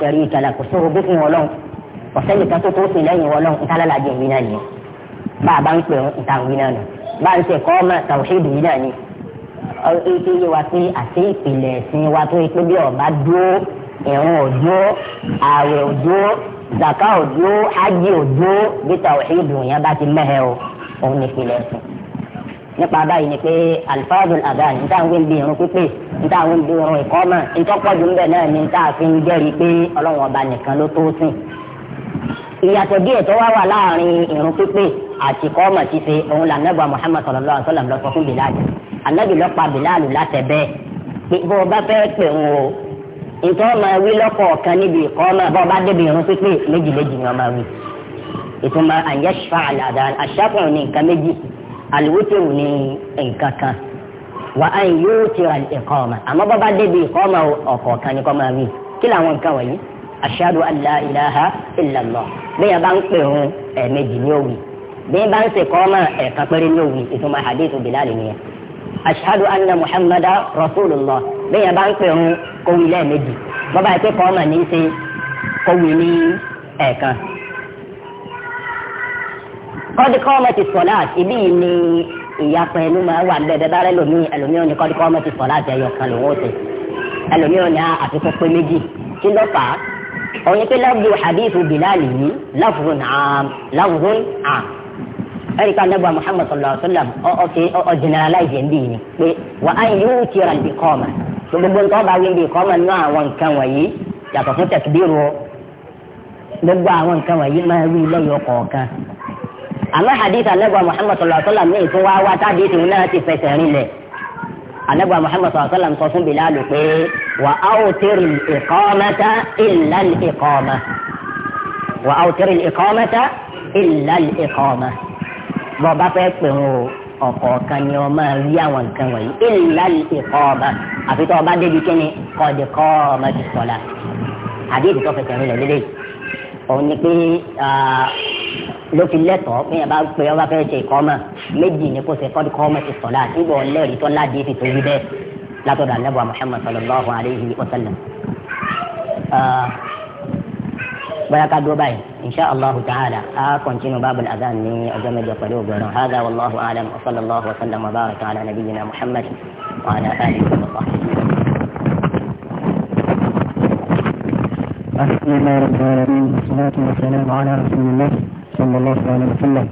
شريك لك sọ̀rọ̀ bí fún ọlọ́run ọ̀sẹ́ nìkan tó tó sì lẹ́yìn ọlọ́run ìtàlálàjẹ yìí náà ni bá a bá ń pè ọ́ ìtàwí náà nù bá ń ṣe kọ́ ọmọ tàwíṣídì yìí náà ni ike yé wa pé àti ìpìlẹ̀ ẹ̀sìn wa tó yẹ pé bí ọba dúró ìrún òdúró ààwẹ̀ òdúró zaka òdúró hajj òdúró bí tawhid yẹn bá ti mẹ́hẹ̀ o òun ní ìpìlẹ̀ ẹ̀sìn nípa báyìí ni pé alifazul adan níta ń gbé ń bí irun pípé níta ń gbé irun ẹ̀kọ́ mọ̀ ìtọ́pọ̀jù ń bẹ̀ náà ni níta fi ń jẹ́rìí pé ọlọ́run ọba nìkan ló tó sìn. ìyàtọ̀ díẹ̀ tó wá wà láàrin irun pípé àti kọ́mọ̀ ṣíṣe òun là nẹ́bà muhammad sallallahu alaihi fún bilal anabi lọ́pa látẹ̀ bẹ́ẹ̀ pé bó bá fẹ́ pè ń o ètò ọmọ ẹwí lọ́kọ̀ọ̀kan níbi ìkọ́ ọmọ ẹ̀bọ́ bá débi irun pípé méjìléjì ni ọmọ ẹwí ìtumọ̀ àyẹ̀ṣfà àlàdà àṣàkùnrin ní nǹkan méjì àlùwítìrù ní nǹkan kan wà á yóò ti ra ìkọ́ ọmọ àmọ́ bọ́ bá débi ìkọ́ ọmọ ọ̀kọ̀ọ̀kan ní kọ́ ọmọ ẹwí kí làwọn nǹkan wọ̀nyí ashadu an la bẹ́ẹ̀ bá ń pè hun ẹ̀ẹ̀mejì ní òwì bẹ́ẹ̀ bá ń ṣe kọ́ ọmọ ẹ̀ẹ̀kan péré ní òwì ìtumọ̀ hadithu bilal ashhadu anna muhammadu rasulullah bẹ́ẹ̀ yẹn bá ń pè ń kówí lẹ́ẹ̀mejì bọ́bá yìí pé kọ́ ọmọ ní í ṣe kówí ní ẹ̀ẹ̀kan. kọ́dí kọ́ ọmọ ti sọ̀lá ìbí yìí ni ìyapa ẹnu máa wà bẹ́ẹ̀ bẹ́ẹ̀ bá rẹ lòmíì ẹlòmíì ni kọ́dí ọmọ ti sọ̀lá àti kan lòun ṣe ẹlòmíì ni àfikún pé méjì kí ló fà á òun ni pé lọ́gbù hadithu bilali yìí lafzun aam lafzun aam ẹ̀rí ká nẹ́bà Muhammad sallallahu alayhi wa sallam ọ̀ọ́sì ọ̀ generalize ẹ̀ ń bì ní pé wà á yóò ti ra ibi kọ́ ọ̀ma gbogbo nǹkan ọba wíńdì kọ́ ọ̀ma nínú àwọn nǹkan wọ̀nyí yàtọ̀ fún tẹ̀kídìrú gbogbo àwọn nǹkan wọ̀nyí máa wí lẹ́yọ̀ kọ̀ọ̀kan àmọ́ hadith anagba Muhammad sallallahu alayhi wa sallam ní ìtún wá wá tábí ìtún ìkọ́mẹ́ bọ́ba fẹ́ pè ń o ọ̀kọ̀ọ̀kan ni wọ́n máa rí àwọn nǹkan wọ̀nyí ìlà ìkọ́ ọba àfi tó ọba débi kíni kọ́ọ̀dì kọ́ ọmọ ti sọ̀la àbí èdè tó fẹsẹ̀ rìn lọ lélẹ̀ òun ni pé ló fi lẹ́tọ̀ọ́ pé yẹn pé ọba fẹ́ ṣe ìkọ́ ọmọ méjì ni kò ṣe kọ́ọ̀dì kọ́ ọmọ ti sọ̀la síbò ọlẹ́rìí tó ládìí fi torí bẹ́ẹ̀ látọ̀dọ̀ anábọ̀ Muhammad sallallahu alayhi wa sallam bóyá ká dúró báyìí. إن شاء الله تعالى جنو باب الأذان من أجمد قلوب هذا والله أعلم وصلى الله وسلم وبارك على نبينا محمد وعلى آله وصحبه الحمد لله رب العالمين والصلاة والسلام على رسول الله صلى الله عليه وسلم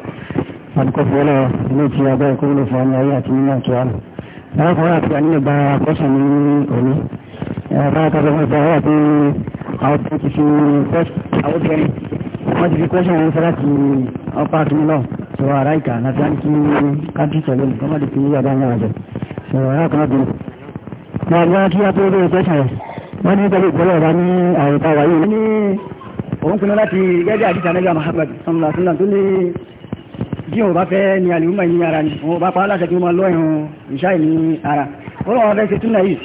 فالكف ولا يموت يا باي كله فهم يأتي منا كعلا فأخوة يعني باقشة من أولي فأخوة يعني باقشة من أولي wọ́n ti fi kọ́ṣẹ́ wọn fẹ́ láti ọpá tó lọ sọ ara ìkà láti á kí kájú sọ lónìí kọ́ má di fi ọba ń yàrá jẹ sọ ara kan bí mo àgbà kí á tó lórí kọ́ṣẹ́ rẹ̀ wọ́n ní pẹ̀lú ìgbọ́lọ̀ ọba ní àrùta wáyé wọ́n ní òun pinnu láti gẹ́gẹ́ àdìsá nẹ́gbà Muhammad sọmọlá sọmọlá tó ní bí òun bá fẹ́ ni àlùmọ̀ ní ara ni òun bá pa á láṣẹ kí wọ́n ara ó lọ́wọ́ fẹ́ ṣe túnà yìí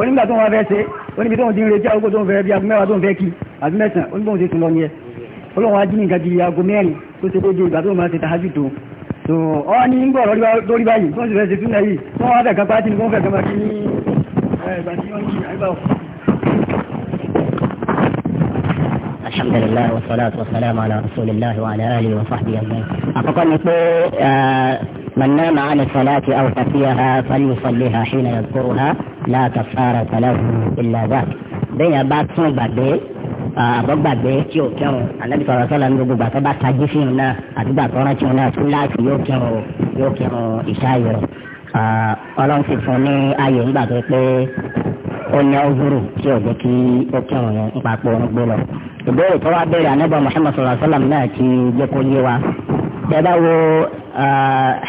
onígbà tó wọ́n fẹ́ ṣe oníbi tó ń ti ń retí àwọn tó ń fẹ́ bí agbẹ́mẹ́wàá tó ń fẹ́ kí àbí mẹ́sàn-án onígbà ọlọ́run ajínigbà nǹkan di aago mẹ́rin tó ṣe déédéé ìgbà tó máa ṣe tàájú tó so ọ ní ń gbọ́ lórí báyìí tó sì fẹ́ ṣe tún náà wọ́n wá fẹ̀kan pátì ní wọ́n fẹ̀kan máa kí ní ìgbà tí wọ́n ń ṣe àgbà alhamdulilayi wa salatu wa salamu ala rasulillahi wa ala alihi wa sahbihi ajma'in من نام عن الصلاة أو تفيها فليصليها حين يذكرها لا كفارة له إلا ذاك بين بات سنبا àbọ̀gbàgbé tí ò kẹrùn anabi sọ̀rọ̀ sọ́la ní gbogbo gbàtọ́ bá tají fi hàn náà àti gbàtọ́ rántí hàn náà fúláàsì yóò kẹrùn yóò kẹrùn ìṣáyọ̀ ọlọ́run ti fún ní ayò ńgbà tó pé ó ní ọ́gùrù tí ò jẹ́ kí ó kẹrùn yẹn nípa pé òun gbé lọ. ìbéèrè tó wá béèrè anabi muhammad sọ̀rọ̀ sọ́la náà ti jẹ́ kó yé wa bẹ́ẹ̀ bá wo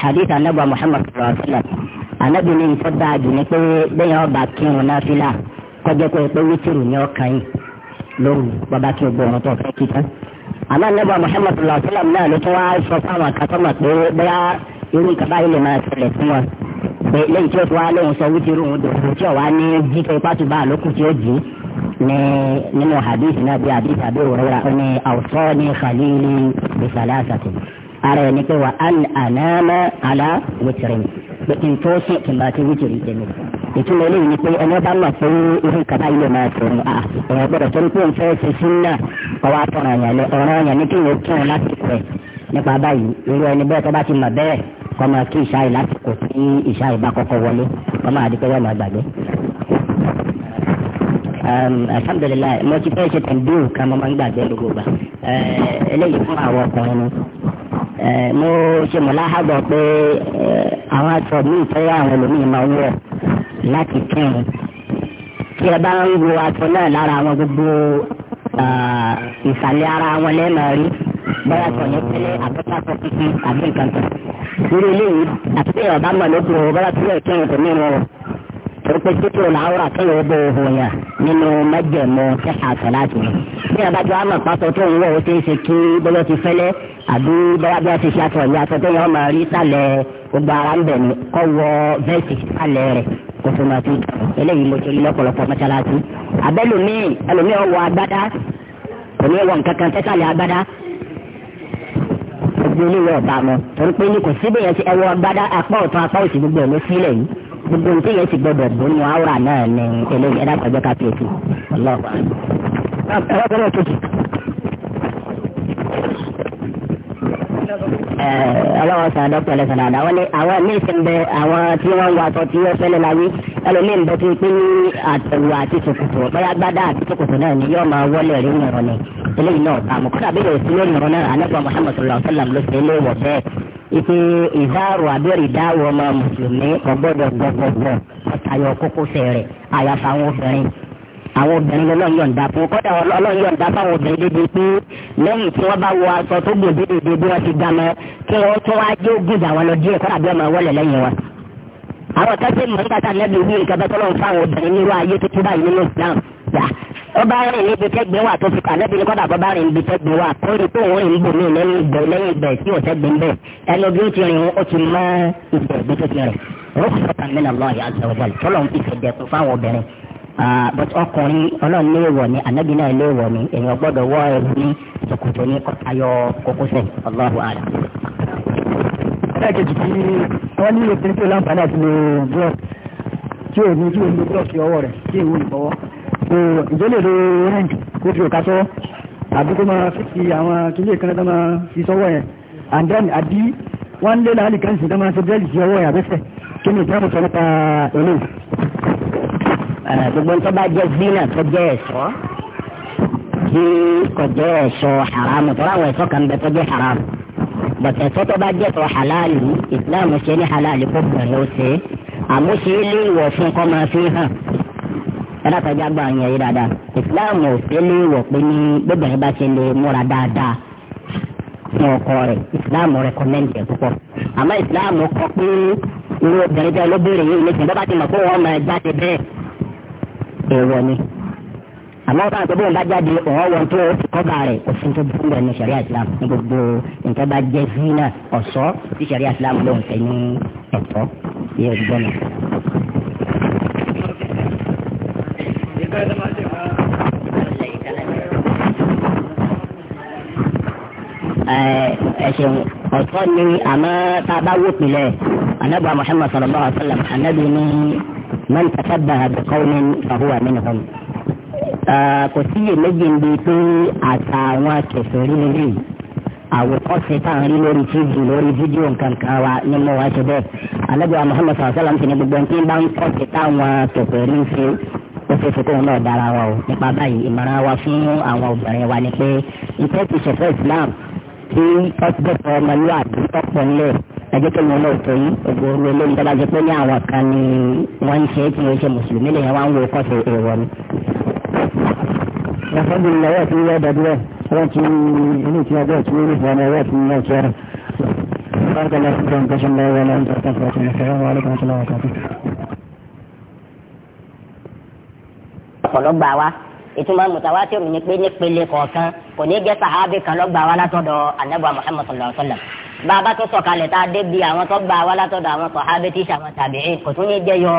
hadith anabi muhammad sọ̀rọ̀ sọ́la anabi ní ìfọ́dáàjù ni pé bẹ́ẹ̀ yẹn ọba kírun náà fi là kọjá pé pé wítìrù ni ọkàn yìí lóru bàbá kí o gbọ́ ọ̀rọ̀ tó fẹ́ kí tán. àmọ́ nígbà Muhammad lọ́sọ́lá náà ló tún wá sọ fáwọn kásọ́mà pé bóyá irú ìkàbá yìí lè máa ṣẹlẹ̀ fún wọn. pé lẹ́yìn tí ó ti wá lóhun sọ wípé irú òun dòkòtò tí ò wá ní jíkẹ́ ipá tó bá àlókù tí ó jì ní nínú hadith náà bí hadith àbí òwúrọ̀ ó ní àwùsọ ní khalili bisalẹ́ àṣàtì. ara ẹni pé wà á ní àná ìtumọ̀ eléyìí ni pé ẹni bá mọ̀ pé irú kaba ilé máa fòrò à èèyàn gbọ́dọ̀ tó ní pé òun fẹ́ ṣe sí náà ọwọ́ àtọ̀rọ̀ yẹn lé ọ̀rọ̀ yẹn ní kí n ò kí n lásìkò ẹ̀ nípa báyìí irú ẹni bẹ́ẹ̀ tó bá ti mọ̀ bẹ́ẹ̀ kọ́ máa kí ìṣáì lásìkò tí ìṣáì bá kọ́kọ́ wọlé kọ́ máa di pé wọ́n máa gbàgbé. alhamdulilayi mo ti fẹ́ ṣe tẹ̀lé òkà mo máa ń gbàgbé gbogbo eléyìí fún àwọn ọkùnrin ni mo ṣe mọ̀ láhàgbọ̀ pé àwọn aṣọ mi ìfẹ́ àwọn ẹlòmíì máa ń wọ̀ láti kẹrin tí ẹ bá ń wo aṣọ náà lára àwọn gbogbo ìsàlẹ̀ ara wọn lẹ́nu rí bóyá tọ̀yẹ́ tẹ́lẹ̀ àbẹ́tàkọ̀ títí àbí nǹkan tó. nínú eléyìí àti bí ọba mọ̀ lókun o bóyá tí yóò kẹrin tó nínú o torí pé títí o làwọn àkẹyìn ó bọ ohun yẹn nínú mẹjẹmọ kẹta àtọláàtì rẹ bí ọba tí wọn mọ̀ pátọ tó ń wọ̀ ó ti ń ṣe kí bóyá ti fẹ́lẹ́ àbí bóyá bí wọn ti ṣe aṣọ ìyá aṣọ tó yẹ wọn máa rí sálẹ̀ gbogbo ara ń bẹ̀ ní kọ́ vẹ́ẹ̀sì sálẹ̀ rẹ̀ automatic eléyìí mo ṣe lọ́pọ̀lọpọ̀ mọ́ṣáláṣí abẹ́lòmíì ẹlòmíì ọwọ́ agbádá kò ní ẹwọ nǹkan kan tẹ́sàlẹ̀ agbádá gbogbo oníwọ̀ ọ̀bà mọ́ torí pé ní kò síbẹ̀ yẹn ti ẹwọ agbádá apá ọ̀tún apá òsì gbogbo ẹ̀ ló sílẹ̀ yìí gbogbo nǹkan yẹn ti gbọdọ̀ bónú àwòrán náà ní eléyìí ẹ̀dá pẹ̀jọ́ ká ọlọ́wọ́ sàn dọ́kítọ̀ lẹ́sàn dáadáa wọ́n ní àwọn míì ti ń bẹ àwọn tí wọ́n ń wọ aṣọ tí ó fẹ́lẹ́ láyé ẹlòmíì ń bẹ tí pé ní àtẹ̀wò àti ṣòkòtò bóyá gbádá àti ṣòkòtò náà ni yóò máa wọlé rí ìrọ̀ ni eléyìí náà bá mọ̀ kódà bí yóò sí lórí ìrọ̀ náà anábọ̀ Muhammad sallallahu alaihi wasallam ló ṣe ilé wọ̀ bẹ́ẹ̀ ipe ìzáàrò àbẹ̀rẹ̀ ìdáwọ̀ ọmọ mùsùlùmí kò gbọ́dọ̀ gbọ̀gbọ̀gbọ̀ ọ̀tayọ̀ kókósẹ̀ rẹ̀ àyàfà àwọn obìnrin àwọn obìnrin lọ́lọ́run yọ̀ǹda fún kọ́dà ọlọ́run yọ̀ǹda fáwọn obìnrin débi pé lẹ́yìn tí wọ́n bá wọ aṣọ tó gbòde èdè bí wọ́n ti dá mọ́ kí wọ́n tó wá jẹ́ ògùn àwọn lọ díẹ̀ kọ́dà bí ọmọ wọlé lẹ́yìn wọn. àwọn tẹ́sí mọ̀ nígbà tá lẹ́bi wí nǹkan bẹ́ẹ̀ tọ́lọ́run fáwọn obìnrin nírú ayé tó tó báyìí nínú Islam ó bá rìn níbi tẹ́gbẹ́ wà tó fi kà lẹ́bi ní kọ́dà bọ́ bá rìn níbi tẹ́gbẹ́ wà tó rí pé òun rìn níbo míì lẹ́yìn ìgbẹ́ lẹ́yìn ìgbẹ́ tí ò tẹ́gbẹ́ ń bẹ̀ ẹnu bí ó ti rìn ó ti mọ́ ìgbẹ́ bí tó ti rìn rọ́ọ̀kì sọ́kàn mí nà lọ́ọ̀yà àti ọ̀gbọ́n tọ́lọ́ ń fi ṣèjẹ́ fún fáwọn obìnrin Ah, but ọkùnrin ọlọ́run lè wọ̀ ni ànábì náà lè wọ̀ ni èèyàn gbọ́dọ̀ wọ ẹ̀rù ní ìṣòkòtò ní kọ́tayọ kókósẹ̀ Allahu a'lam. ẹlẹ́kẹ̀jì tí wọ́n ní ètò ìpínlẹ̀ àǹfààní àti lè búrọ̀ tí ò ní tí ò ní búrọ̀ sí ọwọ́ rẹ̀ tí èwo ìbọ̀wọ́ kò ìjọ́lẹ̀ lè rẹ́ǹd kó fi òkà sọ àbí kó máa fi ti àwọn kílé kan tó máa fi sọ́wọ́ yẹn and then àbí wọ́n lé láàlì kan sì tó máa ṣe bẹ́ẹ̀lì sí ọwọ́ yẹn àbẹ́fẹ̀ kí ni ìjọba sọ nípa eléyìí. Eh, gbogbo tó bá jẹ́ zina tó jẹ́ ẹ̀ṣọ́ tí kò jẹ́ ẹ̀ṣọ́ haramu tó ráwọ̀ ẹ̀ṣọ́ kan bẹ tó jẹ́ haramu bàtà ẹ̀ṣọ́ tó bá jẹ́ tó halali ìsìláàmù ṣe ní halali kó bẹ̀rẹ̀ ló ṣe àmúṣe ilé ìwọ̀ fún kọ́ máa fi hàn ẹ̀dàkọ̀já gbọ́ àwọn yẹn dáadáa ìsìláàmù ò fi ilé ìwọ̀ pé ní gbẹ̀gbẹ̀rẹ̀ bá ṣe lè múra dáadáa fún ọkọ rẹ̀ ìsìláàmù rẹ̀kọ́mẹ́ndì kọ́ pé irú obìnrin èèwọ̀ ni àmọ́ ọba àti bóun bá jáde òun ọwọ́ tó kọ́ba rẹ̀ òfin tó burú rẹ̀ ní sẹ̀ríà islam ní gbogbo nǹkan bá jẹ́ zina ọ̀ṣọ́ tí sẹ̀ríà islam lóun fẹ́ ní ẹ̀tọ́ yẹ gbọ́n náà. ẹ ṣeun ọ̀tọ̀ ni àmọ́ tá a bá wò pilẹ̀ anábọ̀ Muhammad sallallahu alaihi wasallam anábì ní man tasabbaha bi qawmin fahuwa minhum. kò sí iyèméjì ń bi pé àtàwọn akẹsẹ̀ rí rí àwòkọ́sẹ̀ tá à ń rí lórí tv lórí fídíò nǹkan kan wa ni mo wá ṣe bẹ́ẹ̀ alábìyà muhammed sọ̀rọ̀ sọ́lá ti ní gbogbo ẹni tí ń bá ń kọ́sẹ̀ táwọn akẹsẹ̀ rí ṣe ó ṣe fi kóun náà dára wa o nípa báyìí ìmọ̀ràn wa fún àwọn obìnrin wa ni pé ìfẹ́ islam tí ọ̀sibẹ̀tọ̀ ọmọlúwàbí ọ̀pọ̀ ńlẹ̀ ẹjẹ tó ní olóòótọ́ yìí ọgbọ́n ní olóyún tó bá jẹ pé ní àwọn kan ní wọ́n ń ṣe tí wọ́n ṣe mùsùlùmí lè wá ń wo kọ́sì èèwọ̀ ni. lọ́sọ̀dún lọ́wọ́ tí wọ́n dàdúrà wọ́n ti inú ti ọjọ́ tí wọ́n fọ́n ọwọ́ tí wọ́n ti ọ̀rọ̀. báńkì lọ sí ọ̀n kọ́sọ̀ lọ́wọ́ lọ́wọ́ tó tẹ̀sán ọ̀sán ìṣẹ́wọ́n wọlé kọ̀ọ̀kan kò ní gẹ́ sàhábì kan lọ́gbà wa látọ̀dọ̀ anábọ̀ Muhammad sallallahu alaihi wasallam bàbá tó sọ̀kalẹ̀ tá a dé bi àwọn tó gbà wá látọ̀dọ̀ àwọn sọ̀hábẹ́ tí sàwọn tàbí'í kò tún ní jẹ́ yọ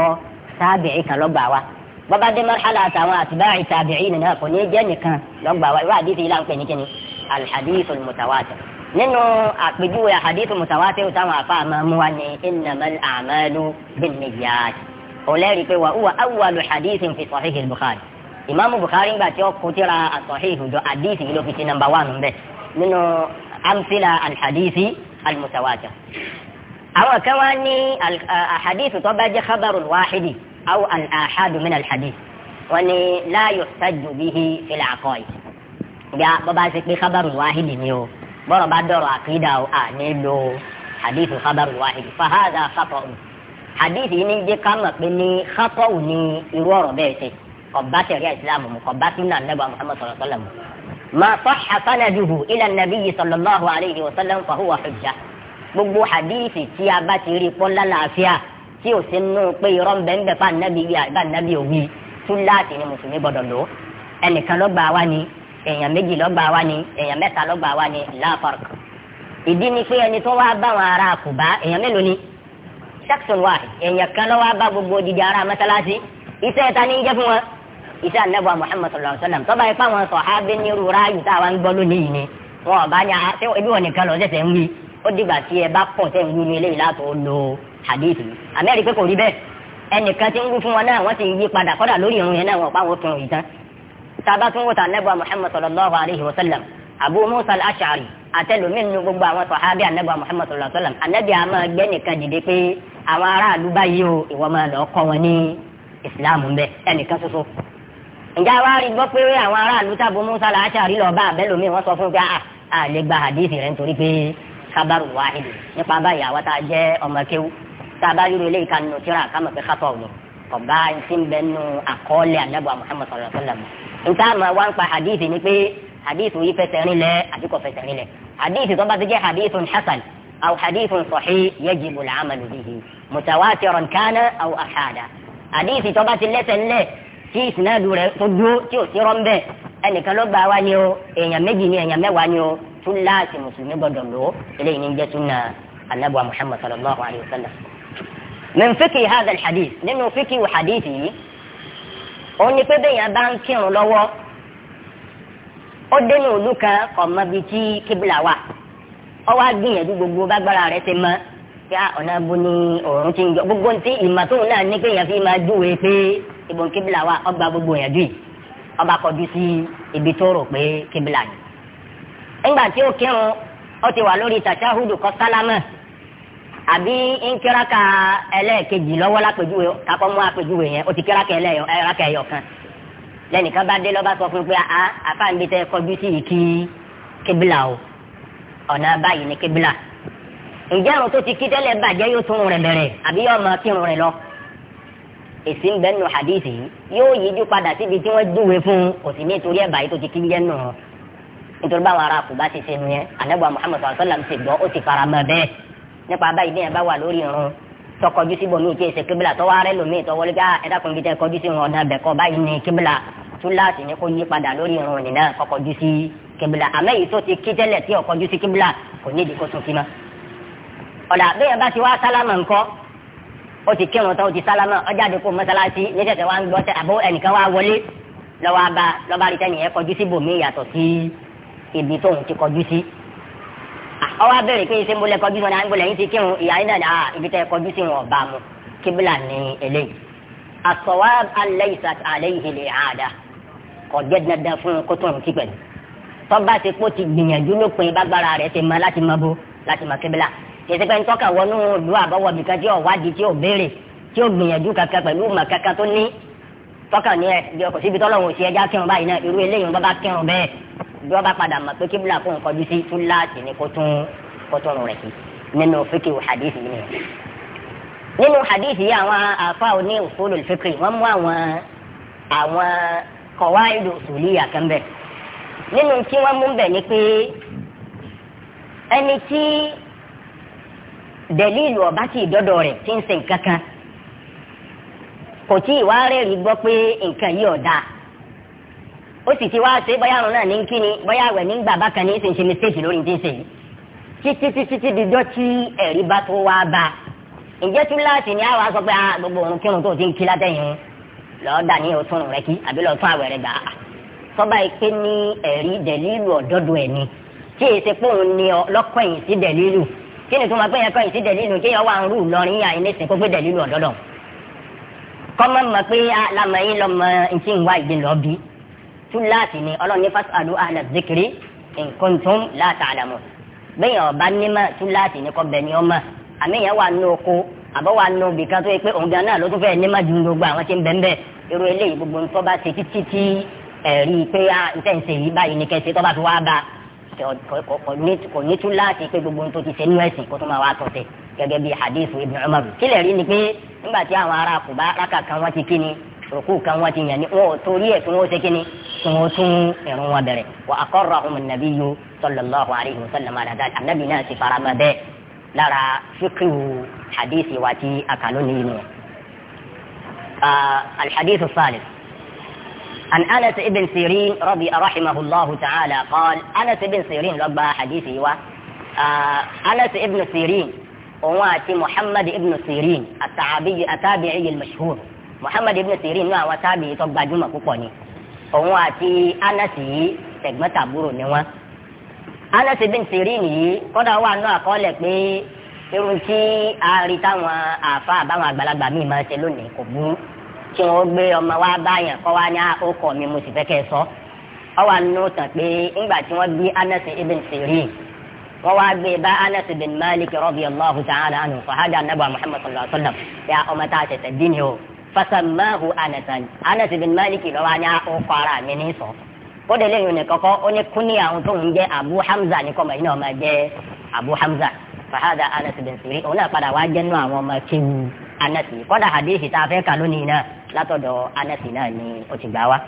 tàbí'í kan lọ́gbà wá bàbá dé marhala àtàwọn àtibáì tàbí'í nìyẹn kò ní jẹ́ nìkan lọ́gbà wá irú àdìsí ilá ń pè ní kíni alhadithu mutawatir nínú àpèjúwe àhadithu mutawatir táwọn afa máa mú wa ní innamal a'malu binniyat ó lẹ́rìí pé wa huwa awwalu hadithin nínú amsila alhadithi المتواتر أو كواني الحديث طبعا خبر الواحد أو الآحاد من الحديث وني لا يحتج به في العقائد يا بابا سيكي خبر واحد نيو بابا بدر عقيدة أو آنيلو حديث خبر واحد فهذا خطأ حديث ينجي كما بني خطأ ني يروى بيتي قبات الإسلام وقبات النبي محمد صلى الله عليه وسلم ما صح سنده إلى النبي صلى الله عليه وسلم فهو حجة gbogbo hadithi tí a bá ti rí pọ́nlá làáfíà tí ò sí nú pé irọ́ ń bẹ ń bẹ fún anabi wí àbá anabi òwì túláàtì ni mùsùlùmí gbọdọ̀ lò ẹnìkan ló gbà wá ni èèyàn méjì ló gbà wá ni èèyàn mẹ́ta ló gbà wá ni láfark ìdí ni pé ẹni tó wá bá wọn ará àkùbá èèyàn mélòó ni ṣẹ́kṣọ̀n wà èèyàn kan ló wá bá gbogbo odidi ará mọ́sálásí iṣẹ́ ìta ní ń jẹ́ fún wọn iṣẹ́ anábọ̀ Muhammad sallallahu alayhi wa sallam tọ́ba ipá wọn sọ̀hábí ní irú ráàyè tá a wá ń gbọ́ lónìí ni wọn ọ̀bá ni ṣé ibi wọn nìkan lọ ṣẹ̀ṣẹ̀ ń wí ó dìgbà tí ẹ bá pọ̀ tẹ̀ ń wí ní eléyìí látò lo hadith yìí àmẹ́rì pé kò rí bẹ́ẹ̀ ẹnìkan ti ń wí fún wọn náà wọ́n ti yí padà kọ́dà lórí irun yẹn náà wọ́n pa wọn tún yìí tán Muhammad sallallahu Abu Musa al-Ash'ari àtẹlómi nínú gbogbo àwọn sọ̀hábí anábọ̀ Muhammad sallallahu alayhi wa sallam anábì àmọ́ gbẹ́nìkan dìde pé àwọn aráàlú báyìí o ń bẹ ẹnìkan ṣoṣo ǹjẹ́ àwa rí gbọ́ pé àwọn aráàlú tábò musa làásà rí lọ́ọ́ bá àbẹ́lòmí wọ́n sọ fún pé àlè ah, gba hadith rẹ̀ nítorí pé kábàrù wáhid nípa báyìí àwa tá a jẹ́ ọmọ kéwú tá a bá yúrò ilé ìka nínú tíra kámọ̀ pé kátọ̀ ọ̀gbìn ọ̀bá ti ń bẹ àkọọ́lẹ̀ ànábọ̀ Muhammad sallallahu alaihi wasallam nta ma wá ń pa hadith ni pé hadith yìí fẹsẹ̀ rin lẹ̀ àti kò fẹsẹ̀ rin lẹ̀ hadith tó bá ti jẹ́ sahih yajibu al-amalu bihi mutawatiran kana aw ahada hadith tó bá ti lẹ́sẹ̀ tí ìsìnàdù rẹ̀ tó dúró tí ò sí ẹnìkan ló ni o èèyàn méjì ni èèyàn mẹ́wàá ni o tún láàṣì mùsùlùmí gbọdọ̀ lò ó eléyìí ní jẹ́ súnà anábùwà muhammad sallallahu alayhi wa sallam. min fíkì hadha alhadith nínú fíkì hadith yìí ó ní pé bẹ́ẹ̀ yẹn bá ń kírun lọ́wọ́ ó dénú òlu kan ọmọ bíi tí kíbla wà ó wá gbìyànjú gbogbo bágbára ti kí ah, ọ̀nà ni òórùn ti ń jọ gbogbo ibo kíbìlà wa ọgbà gbogbo ìyànjú yìí ọba kọjú sí ibi tó rò pé kíbìlà ni. ńgbà tí ó kírun ó ti wà lórí tàṣáhùdù kọ sálámà àbí ń kíraka ẹlẹ́ẹ̀kejì lọ́wọ́ lápèjúwe kakọ́ mú àpèjúwe yẹn ó ti kíraka ẹlẹ́ẹ̀yọ kan lẹ́nìkan bá dé lọ́ba sọ fún pé a àfáàǹdé tẹ kọjú sí yìí kí o ọ̀nà báyìí ni kíbìlà ǹjẹ́ àrùn tó ti kí tẹ́lẹ̀ bàjẹ́ yóò tún rẹ̀ bẹ̀rẹ̀ àbí yóò máa kírun rẹ̀ lọ èsì ń bẹ́ẹ̀ nù hadithi yóò yíjú padà síbi tí wọ́n júwe fún òsì ní torí ẹ̀bà yìí tó ti kí jẹ́ nù nítorí báwọn ará kò bá ti ṣe nìyẹn ànábì Muhammad sallallahu alaihi wasallam ti gbọ́ ó ti fara mọ́ bẹ́ẹ̀ nípa báyìí bí yẹn bá wà lórí irun tọkọjú síbò ní ìkí ẹsẹ̀ kíbìlà tọwọ́ arẹ lòmíì tọwọ́ lé gáà ah, ẹ̀dàkùn bíi tẹ kọjú sí wọn ọ̀nà bẹ̀kọ báyìí ní kíbìlà túláàsì ní kó yí padà lórí irun òní náà ó ti kírun tán ó ti sálámà ó jáde kó mọ́sálásí ní tẹ̀tẹ̀ wá ń gbọ́ tẹ àbó ẹnìkan wá wọlé lọ́wọ́ abá lọ́ba rí tẹ́nì yẹn kọjú sí bòmí yàtọ̀ sí ibi tóun ti kọjú sí. ó wá béèrè pé ṣé mo lẹ kọjú sọ́nà àgbọ̀lẹ̀ yín ti kírun ìyá yín náà ibi tẹ́ kọjú sí wọn ọ̀bà mu kíbílà ní eléyìí. àsọ̀wá alẹ́ ìsàt alẹ́ ìhìlẹ̀ àdá kò jẹ́ dandan fún kótóun tọ́ba ti pọ́ ti gbìyànjú lópin bágbára rẹ̀ ti mọ láti mọ bó láti mọ kíbílà kìí pẹ́ ntọ́ka wọnú ìlú àbọ̀wọ̀ bìkan tí ọ̀wádìí tí ò béèrè tí ò gbìyànjú kankan pẹ̀lú ìmọ̀ kankan tó ní tọ́ka ní ẹ bí ọkọ̀ síbi tọ́lọ̀ òsì ẹja kírun báyìí náà irú eléyìí bá bá kírun bẹ́ẹ̀ bí wọ́n bá padà mọ̀ pé kíbla kó nǹkan bí sí túláàsì ni kó tún kó tún rẹ̀ sí nínú fíkì hadith yìí nìyẹn. nínú hadith yìí àwọn afa oní òfòlò fíkì wọ́n mú àwọn àwọn kọ̀wáìdù òsùlíyà kan nínú tí wọ́n mú bẹ̀ ni pé ẹni tí dẹ̀lílù ọ̀bá tí ìdọ́dọ̀ rẹ̀ ti ń kò tí ì wá pé nǹkan yìí ọ̀dà ó sì ti wá ṣe bóyá àrùn náà ní kí ni nígbà ní ìsìn ṣe lórí ti ṣe yìí títí títí bá pé ah, ti ń dà ní rẹ kí àbí rẹ ní tí èsì pòun kí ni tó máa gbẹ̀yàn kọ́ ìsí dẹ̀lílù kí yẹn wà ń rú lọ́rin yà ní sìn kó gbé dẹ̀lílù ọ̀dọ́dọ̀ kọ́mọ́ mọ̀ pé ah, lamọ̀ yín lọ́mọ ntí ń wá ìdí lọ bí túláàsì ni ọlọ́run ní fasalu ahla zikiri in kuntum la ta'lamun bẹ́yàn ọba nímọ̀ túláàsì ni kọ́ bẹ̀ni ọmọ àmì yẹn wà nù oko àbọ̀ wà nù bìkan tó yẹ pé òun gan náà ló tún fẹ́ nímọ̀ ju gbogbo àwọn tí ń bẹ̀ ń bẹ̀ irú eléyìí gbogbo ntọ́ bá ṣe títí tí ẹ̀rí pé ah, ntẹ̀sẹ̀ yìí báyìí ni kẹ́sì tọ́ bá fi wá bá a kò ní tún láti pé gbogbo ohun tó ti ṣe nínú ẹ̀sìn kó tó máa wá tọ̀tẹ̀ gẹ́gẹ́ bí hadith ibn umar kílẹ̀ rí ni pé nígbà tí àwọn ará kò bá rákà kan wọ́n ti kíni rùkú kan wọ́n ti yàn ní wọn ò torí ẹ̀ tí wọ́n ṣe kíni tí wọ́n tún ẹ̀rùn wọn bẹ̀rẹ̀ wa aqarrahum an-nabiyyu sallallahu alayhi wa sallam ala dhalik ànábì náà ti fara mọ́ bẹ́ẹ̀ lára fíkìwù hadith wa ti àkàlónì yìí nìyẹn. al-hadith as-salis عن أنس بن سيرين رضي رحمه الله تعالى قال أنس بن سيرين لبى حديثي و أنس بن سيرين وواتي محمد بن سيرين التعابي التابعي المشهور محمد بن سيرين náà àwọn tábìlì tó gbajúmọ̀ púpọ̀ ni òun àti anasi yìí tẹ̀gbọ́ntàbúrò ni wọ́n anasi bin sirin yìí kọ́dà wà náà kọ́lẹ̀ pé irun tí a rí táwọn àáfàá àbáwọn àgbàlagbà míì máa ṣe lónìí kò burú kí wọn gbé ọmọ wa báyàn kọ wa ní àkókò mi mo sì fẹ́ kẹ́ sọ ọ wà nínú tàn pé ńgbà tí wọn bí Anas ibn Sirin wọn wá gbé bá Anas ibn Malik radiyallahu ta'ala anhu sahaba anabu Muhammad sallallahu alaihi wa sallam ya ọmọ tá a ṣẹ̀ṣẹ̀ bí ni o fasamahu Anasan Anas ibn Malik lọ wa ní àkókò ara mi ní sọ ó délé yìí ní kọ́kọ́ ó ní kúní àwọn tó ń jẹ Abu Hamza ní kọmọ yìí náà máa jẹ Abu Hamza fahada Anas ibn Siri, òun náà padà wá jẹ nínú àwọn ọmọ kéwu anasi kọ́dà hadithi tá a fẹ́ kà lónìí náà látọ̀dọ̀ anasi náà ni ó ti gbà wá.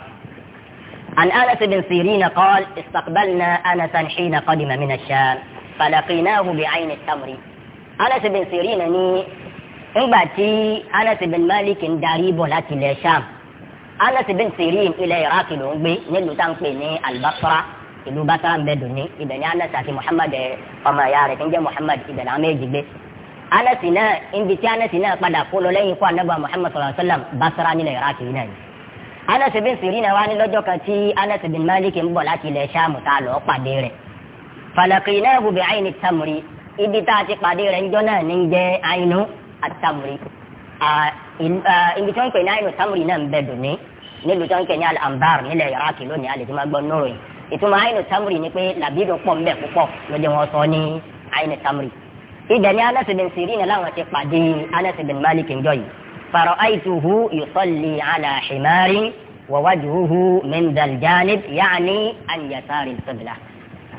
عن أنس بن سيرين قال استقبلنا أنسا حين قدم من الشام فلقيناه بعين التمر أنس بن سيرين ni ńgbà tí Anas bin Malik ń darí bọ̀ láti ilẹ̀ Sham Anas bin Sirin ilẹ̀ Iraq ló ń gbé nílùú tá ń pè ní Al-Basra ìlú Basra ń bẹ dùn ní ibẹ̀ ní Anas àti Muhammad ọmọ ìyá rẹ̀ tí ń jẹ́ Muhammad ibẹ̀ làwọn méjì gbé anasi náà ibi tí anasi náà padà kó lọ fún anabi muhammad sallallahu Alaihi wa sallam basra nílẹ̀ iraq yìí náà ni anasi bin sirina wá ní lọ́jọ́ kan tí anasi bin malik ń bọ̀ láti ilẹ̀ sàmù tá a lọ pàdé rẹ̀ falakiri náà bu bi ayin tamuri ibi tá a ti pàdé rẹ̀ njọ́ náà ní jẹ́ ayinu àti tamuri ibi tí wọ́n pè ní ayinu tamuri náà ń bẹ dùn ní nílùú tí wọ́n pè ní al-anbar nílẹ̀ iraq lónìí alẹ́ tí wọ́n gbọ́ yìí ìtumọ̀ ayinu tamuri ni pé làbídùn pọ̀ ń bẹ púpọ̀ tamuri ìdẹ̀ ní Anas bin Sirin láwọn ti pàdé Anas bin Malik yìí فرأيته يصلي على حمار ووجهه من ذا الجانب يعني عن يسار القبلة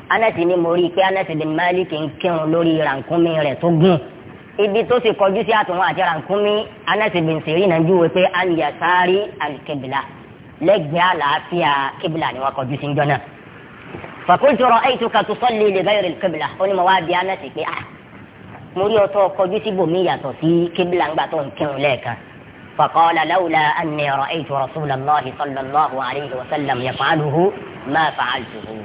Anas ni mo rí i pé Anas bin Malik ń kírun lórí rànkúnmí rẹ̀ tó gùn ibi tó sì kọjú sí àtúnwò àti rànkúnmí Anas bin Sirin náà pé an yasari al àlàáfíà kébìlà ni wọ́n kọjú sí ń náà. فقلت رأيتك تصلي لغير القبلة ó ní mo wá bí Anas pé ah mo rí ọtọ kọjú sí bòmí yàtọ̀ sí kíbla ńgbà tó ń kírun lẹ́ẹ̀kan faqala lawla anni ra'aytu rasulallahi sallallahu alayhi wa sallam yaf'aluhu ma fa'altuhu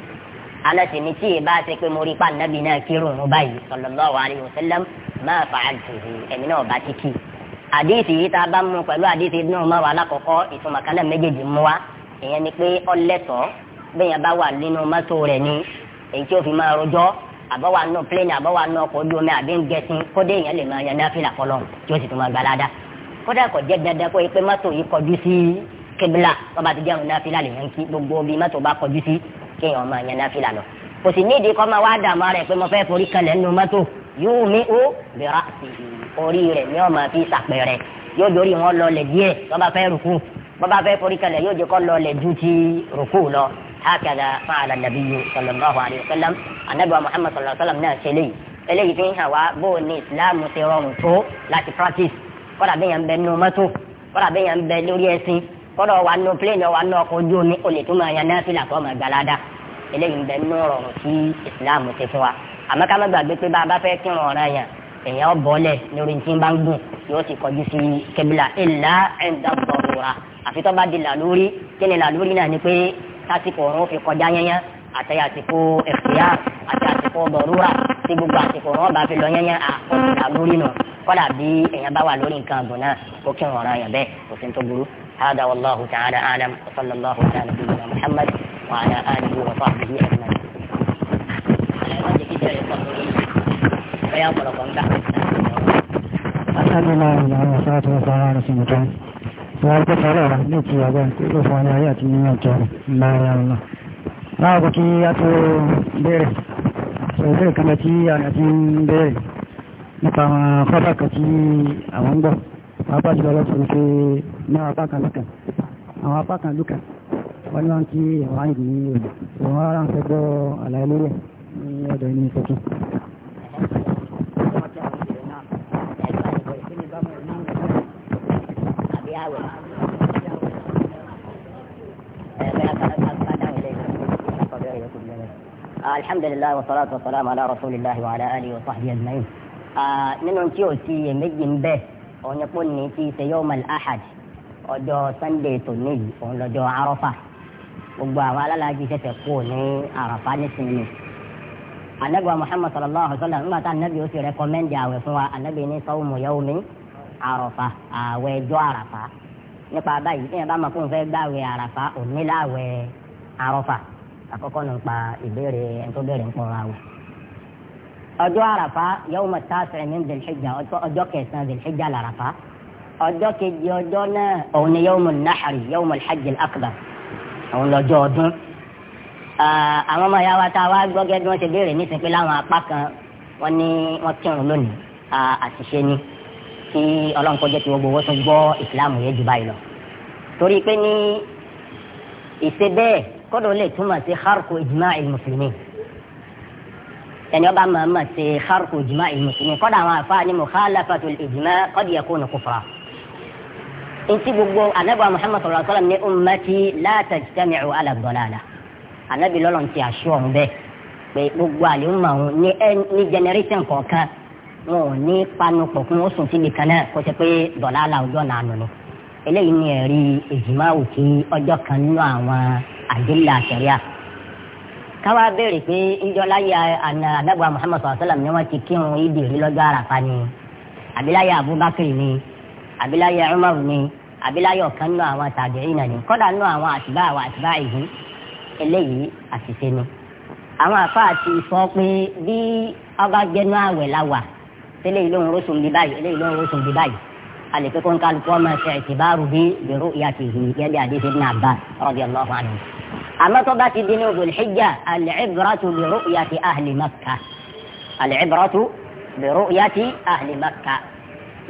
alasi ni tí ìbá ṣe pé mo rí pa nàbì náà kírun mo báyìí sallallahu alayhi wa sallam ma fa'altuhu èmi náà bá ti kí àdéhìsì yìí tá a bá mú pẹ̀lú àdéhìsì ibn Umar alákọ̀ọ́kọ́ ìtumọ̀ kan méjèèjì mú wa ìyẹn ni pé ọlẹ́tọ̀ọ́ bẹ́ẹ̀ yẹn bá wà nínú mọ́tò rẹ̀ ni èyí tí ó fi máa rojọ́ àbọ̀wà náà pléènì àbọ̀wà náà ọkọ̀ ojú omi àbí ń gẹṣin kódé èèyàn lè máa yan náfìlà fọlọ́ tí ó sì tún máa gbà ládàá kódà kò jẹ́ dandan kó pé mọ́tò yìí kọjú sí kébìlà wọ́n bá ti jẹun náfìlà lè yan kí gbogbo bí mọ́tò bá kọjú sí kéèyàn máa yan náfìlà lọ kò sì nídìí kọ́ máa wá dààmú rẹ̀ pé mo fẹ́ forí kalẹ̀ nínú mọ́tò yóò mí ó bẹ̀rẹ̀ orí rẹ̀ ni هكذا فعل النبي صلى الله عليه وسلم النبي محمد صلى الله عليه وسلم náà ṣe léyìí eléyìí fi ń hàn wá bó ní ìsìláàmù ti rọrùn tó láti practice kọ́dà bí yẹn ń bẹ nínú mọ́tò kọ́dà bí yẹn ń bẹ lórí ẹṣin kọ́dà wà nínú plane wà nínú ọkọ̀ ojú omi olè tó máa yan náà fìlà tó máa gbalada eléyìí ń bẹ nínú rọrùn tí ìsìláàmù ti fún wa àmọ́ ká má gbàgbé pé bá a bá fẹ́ kírun ọ̀ràn yẹn èèyàn bọ́lẹ̀ lórí tí ń bá ń gùn yóò sì kọjú sí kẹbílà ìlà ẹ̀ńdà bọ̀rùra àfi tó bá di làlórí kí ni làlórí náà ni pé tásìkò ọ̀run fi kọjá yẹnyẹn àti àsìkò ẹ̀fìyà àti àsìkò dọ̀rúrà tí gbogbo àsìkò ọ̀run bá fi lọ yẹnyẹn àkọsílà lórí nù kọ́dà bí èèyàn bá wà lórí nǹkan àgùn náà ó kí wọn ra yàn bẹ́ẹ̀ kò sí tó burú. هذا والله تعالى أعلم وصلى الله على نبينا محمد وعلى آله وصحبه أجمعين. أشهد أن لا إله إلا الله وصلاة وسلام على سيدنا محمد wọ́n gbé fọ́rọ̀ ní ìtura bẹ́ẹ̀ tí ó fún ọyá ayé àti yíyan ọjọ́ lára ọ̀la láàkó kí a tó bẹ̀rẹ̀ ìbẹ̀rẹ̀ kan tí a ti ń bẹ̀rẹ̀ nípa àwọn fọ́bà kan tí àwọn ń gbọ́ apá ti lọ́lọ́ sọ̀rọ̀ pé náà apá kan lùkà àwọn apá kan lùkà wọ́n ní wọ́n kí ẹ̀wọ̀n àìdí ní ìwọ̀n ara ń fẹ́ gbọ́ àlàyé lórí ẹ̀ ní ọ̀dọ̀ ní ìfẹ́tún الحمد لله والصلاة والسلام على رسول الله وعلى آله وصحبه أجمعين nínú tí o ti iyèméjì ń bẹ òun ni pé ní ti ṣe yóò mọ̀lẹ́ ahad ọjọ́ sunday tòní yìí òun lọ́jọ́ arọ́fà gbogbo àwọn alálàájì ṣẹ̀ṣẹ̀ kú ní àràfà nísìnyí. anagba muhammad sallallahu alaihi wa sallam nígbà tá anabi ó sì rẹkọmẹ́ndì àwẹ̀ fún wa anabi ní sawmu yawmi àràfà àwẹ̀ ẹjọ́ àràfà nípa báyìí ní ẹ̀ bá máa fún un fẹ́ gbàwẹ̀ àràfà òní láwẹ̀ àràfà àkọ́kọ́ nù pa ìbéèrè ẹni tó béèrè ń pọ̀ ra o. ọjọ́ àràfá yawma tasi'i min dhil hijja ọjọ́ kẹsàn-án dhil hijja làràfá ọjọ́ kejì ọjọ́ náà òun ni yawmun nahri yawmul hajjil akbar òun lọ́jọ́ ọdún. àwọn ọmọ ìyá wa tá a wá gbọ́ gẹ́gẹ́ bí wọ́n ṣe béèrè nísìnyí pé láwọn apá kan wọ́n ní wọ́n kírun lónìí àṣìṣe ni kí ọlọ́run kọjá kọ́dọ̀ lè túmọ̀ sí kharku ijma'il muslimin ẹni ọba màmá ṣe kharku ijma'il muslimin kọ́dọ̀ àwọn afáà ni mukhalafatul ijma' qad yakunu kufra nti gbogbo anabi muhammad sallallahu alaihi wa sallam ni ummati la tajtami'u ala dalalah anabi lọ́lọ́ ti aṣọ ọ̀hún bẹ́ẹ̀ pé gbogbo àlùmọ̀ ọ̀hún ní ẹ ní generation kọ̀ọ̀kan wọn ò ní panu pọ̀ kí wọ́n sùn síbi kan náà kó ṣe pé dalalah àwùjọ nàánú ni eléyìí ni ẹ̀rí ìjìmáwò tí ọjọ́ kan nínú àwọn àdìlà sẹ̀ríà káwá béèrè pé ìjọba yà ànábì Muhammad sallallahu alaihi wasallam ni wọ́n ti kírun ìdè rí lọ́jọ́ ni àbíláyà Abubakar ni àbíláyà Umar ni àbíláyà ọ̀kan nù àwọn tàbíìnà ni kọ́dà nù àwọn àtìbá àwọn àtìbá ìhìn eléyìí àṣìṣe ni àwọn àfáà ti sọ pé bí ọba jẹnu àwẹ̀ la wà eléyìí ló ń rọ́ṣùn bí báyìí eléyìí ló rọ́ṣùn bí àlèkè kó ń kálukú ọmọ ṣe ìtìbáru bí bẹ̀rù ìyàtìhì gẹ́gẹ́ bí àdéhùn ibn Abbas radiyallahu anhu. àmọ́ tó bá ti di ní Dhul Hijja al-ibratu bi ru'yati ahli Makkah al-ibratu bi ru'yati ahli Makkah.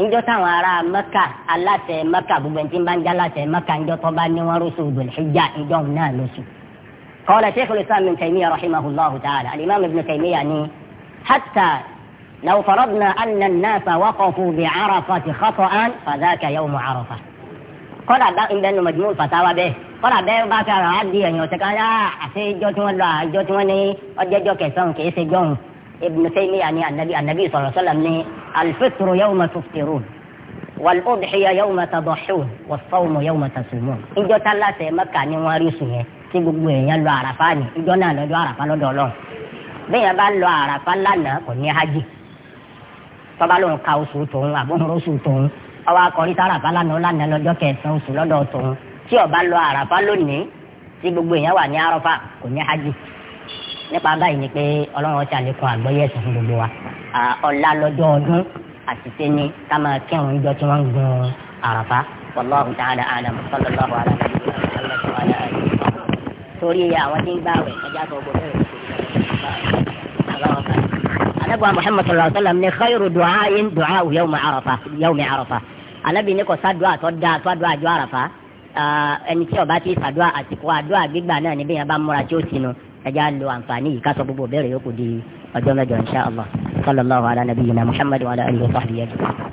ńjọ́ táwọn ará Makkah aláṣẹ Makkah gbogbo bá ń já aláṣẹ Makkah ńjọ́ tó bá ní wọ́n rúṣu Dhul Hijja ńjọ́ náà lóṣù. قال شيخ الإسلام ابن تيمية رحمه الله تعالى الإمام ابن تيمية يعني حتى لو فرضنا أن الناس وقفوا بعرفة خطأ فذاك يوم عرفة kọ́dà bá ń bẹnu mọ̀júmọ́ fàtàwà bẹ́ẹ̀ kọ́dà bẹ́ẹ̀ bá fẹ́ ra di ẹ̀yìn ọ̀tẹ̀ kan yáa àti ìjọ tí wọ́n lọ àjọ tí wọ́n ní ọjọ́jọ́ kẹsàn-án kìí ṣe jọ́hún Ibn Taymiyyah ni anabi anabi sallallahu alaihi wasallam ni al-fitru yawma tuftirun wal-udhiya yawma tadhahhun was-sawmu yawma tasumun. ìjọ tá láṣẹ mẹ́ka ni wọ́n rí sùn yẹn tí gbogbo èèyàn lọ àràfá ni ìjọ náà lọ́jọ́ àràfá lọ́dọ̀ ọlọ́run bẹ́ẹ̀ bá lọ àràfá lánàá kò ní hajj tọ́ba ló ń ka oṣù tòun àbọ̀nrún oṣù tòun ọwọ́ akọrin tá àràfà lánàá lánàá lọ́jọ́ kẹsàn-án oṣù lọ́dọ̀ tòun tí ọba lọ àràfà lónìí tí gbogbo èèyàn wà ní arọ́fà kò ní hajj nípa báyìí ni pé ọlọ́run ọ̀sẹ̀ àlékún àgbọ́yé ẹ̀sìn fún gbogbo wa ọ̀la lọ́jọ́ ọdún àti sẹ́ni ká máa kírun tí wọ́n ń gun àràfà wàlláhu ta'ala alam anagba muhammad sallallahu alaihi wa sallam ni khayru du'ain du'a'u yawma arafa yawmi arafa anabi ni kò sádùá tó dáa tó àdúrà àjọ àràfà ẹni tí ó bá ti sàdùá àsìkò àdúrà gbígbà náà níbi yẹn bá múra tí ó sinu ẹja lo àǹfààní yìí ká sọ gbogbo bẹ́ẹ̀rẹ̀ yókù di ọjọ́ mẹ́jọ insha allah sallallahu ala nabiyyina muhammad wa ala alihi wa sahbihi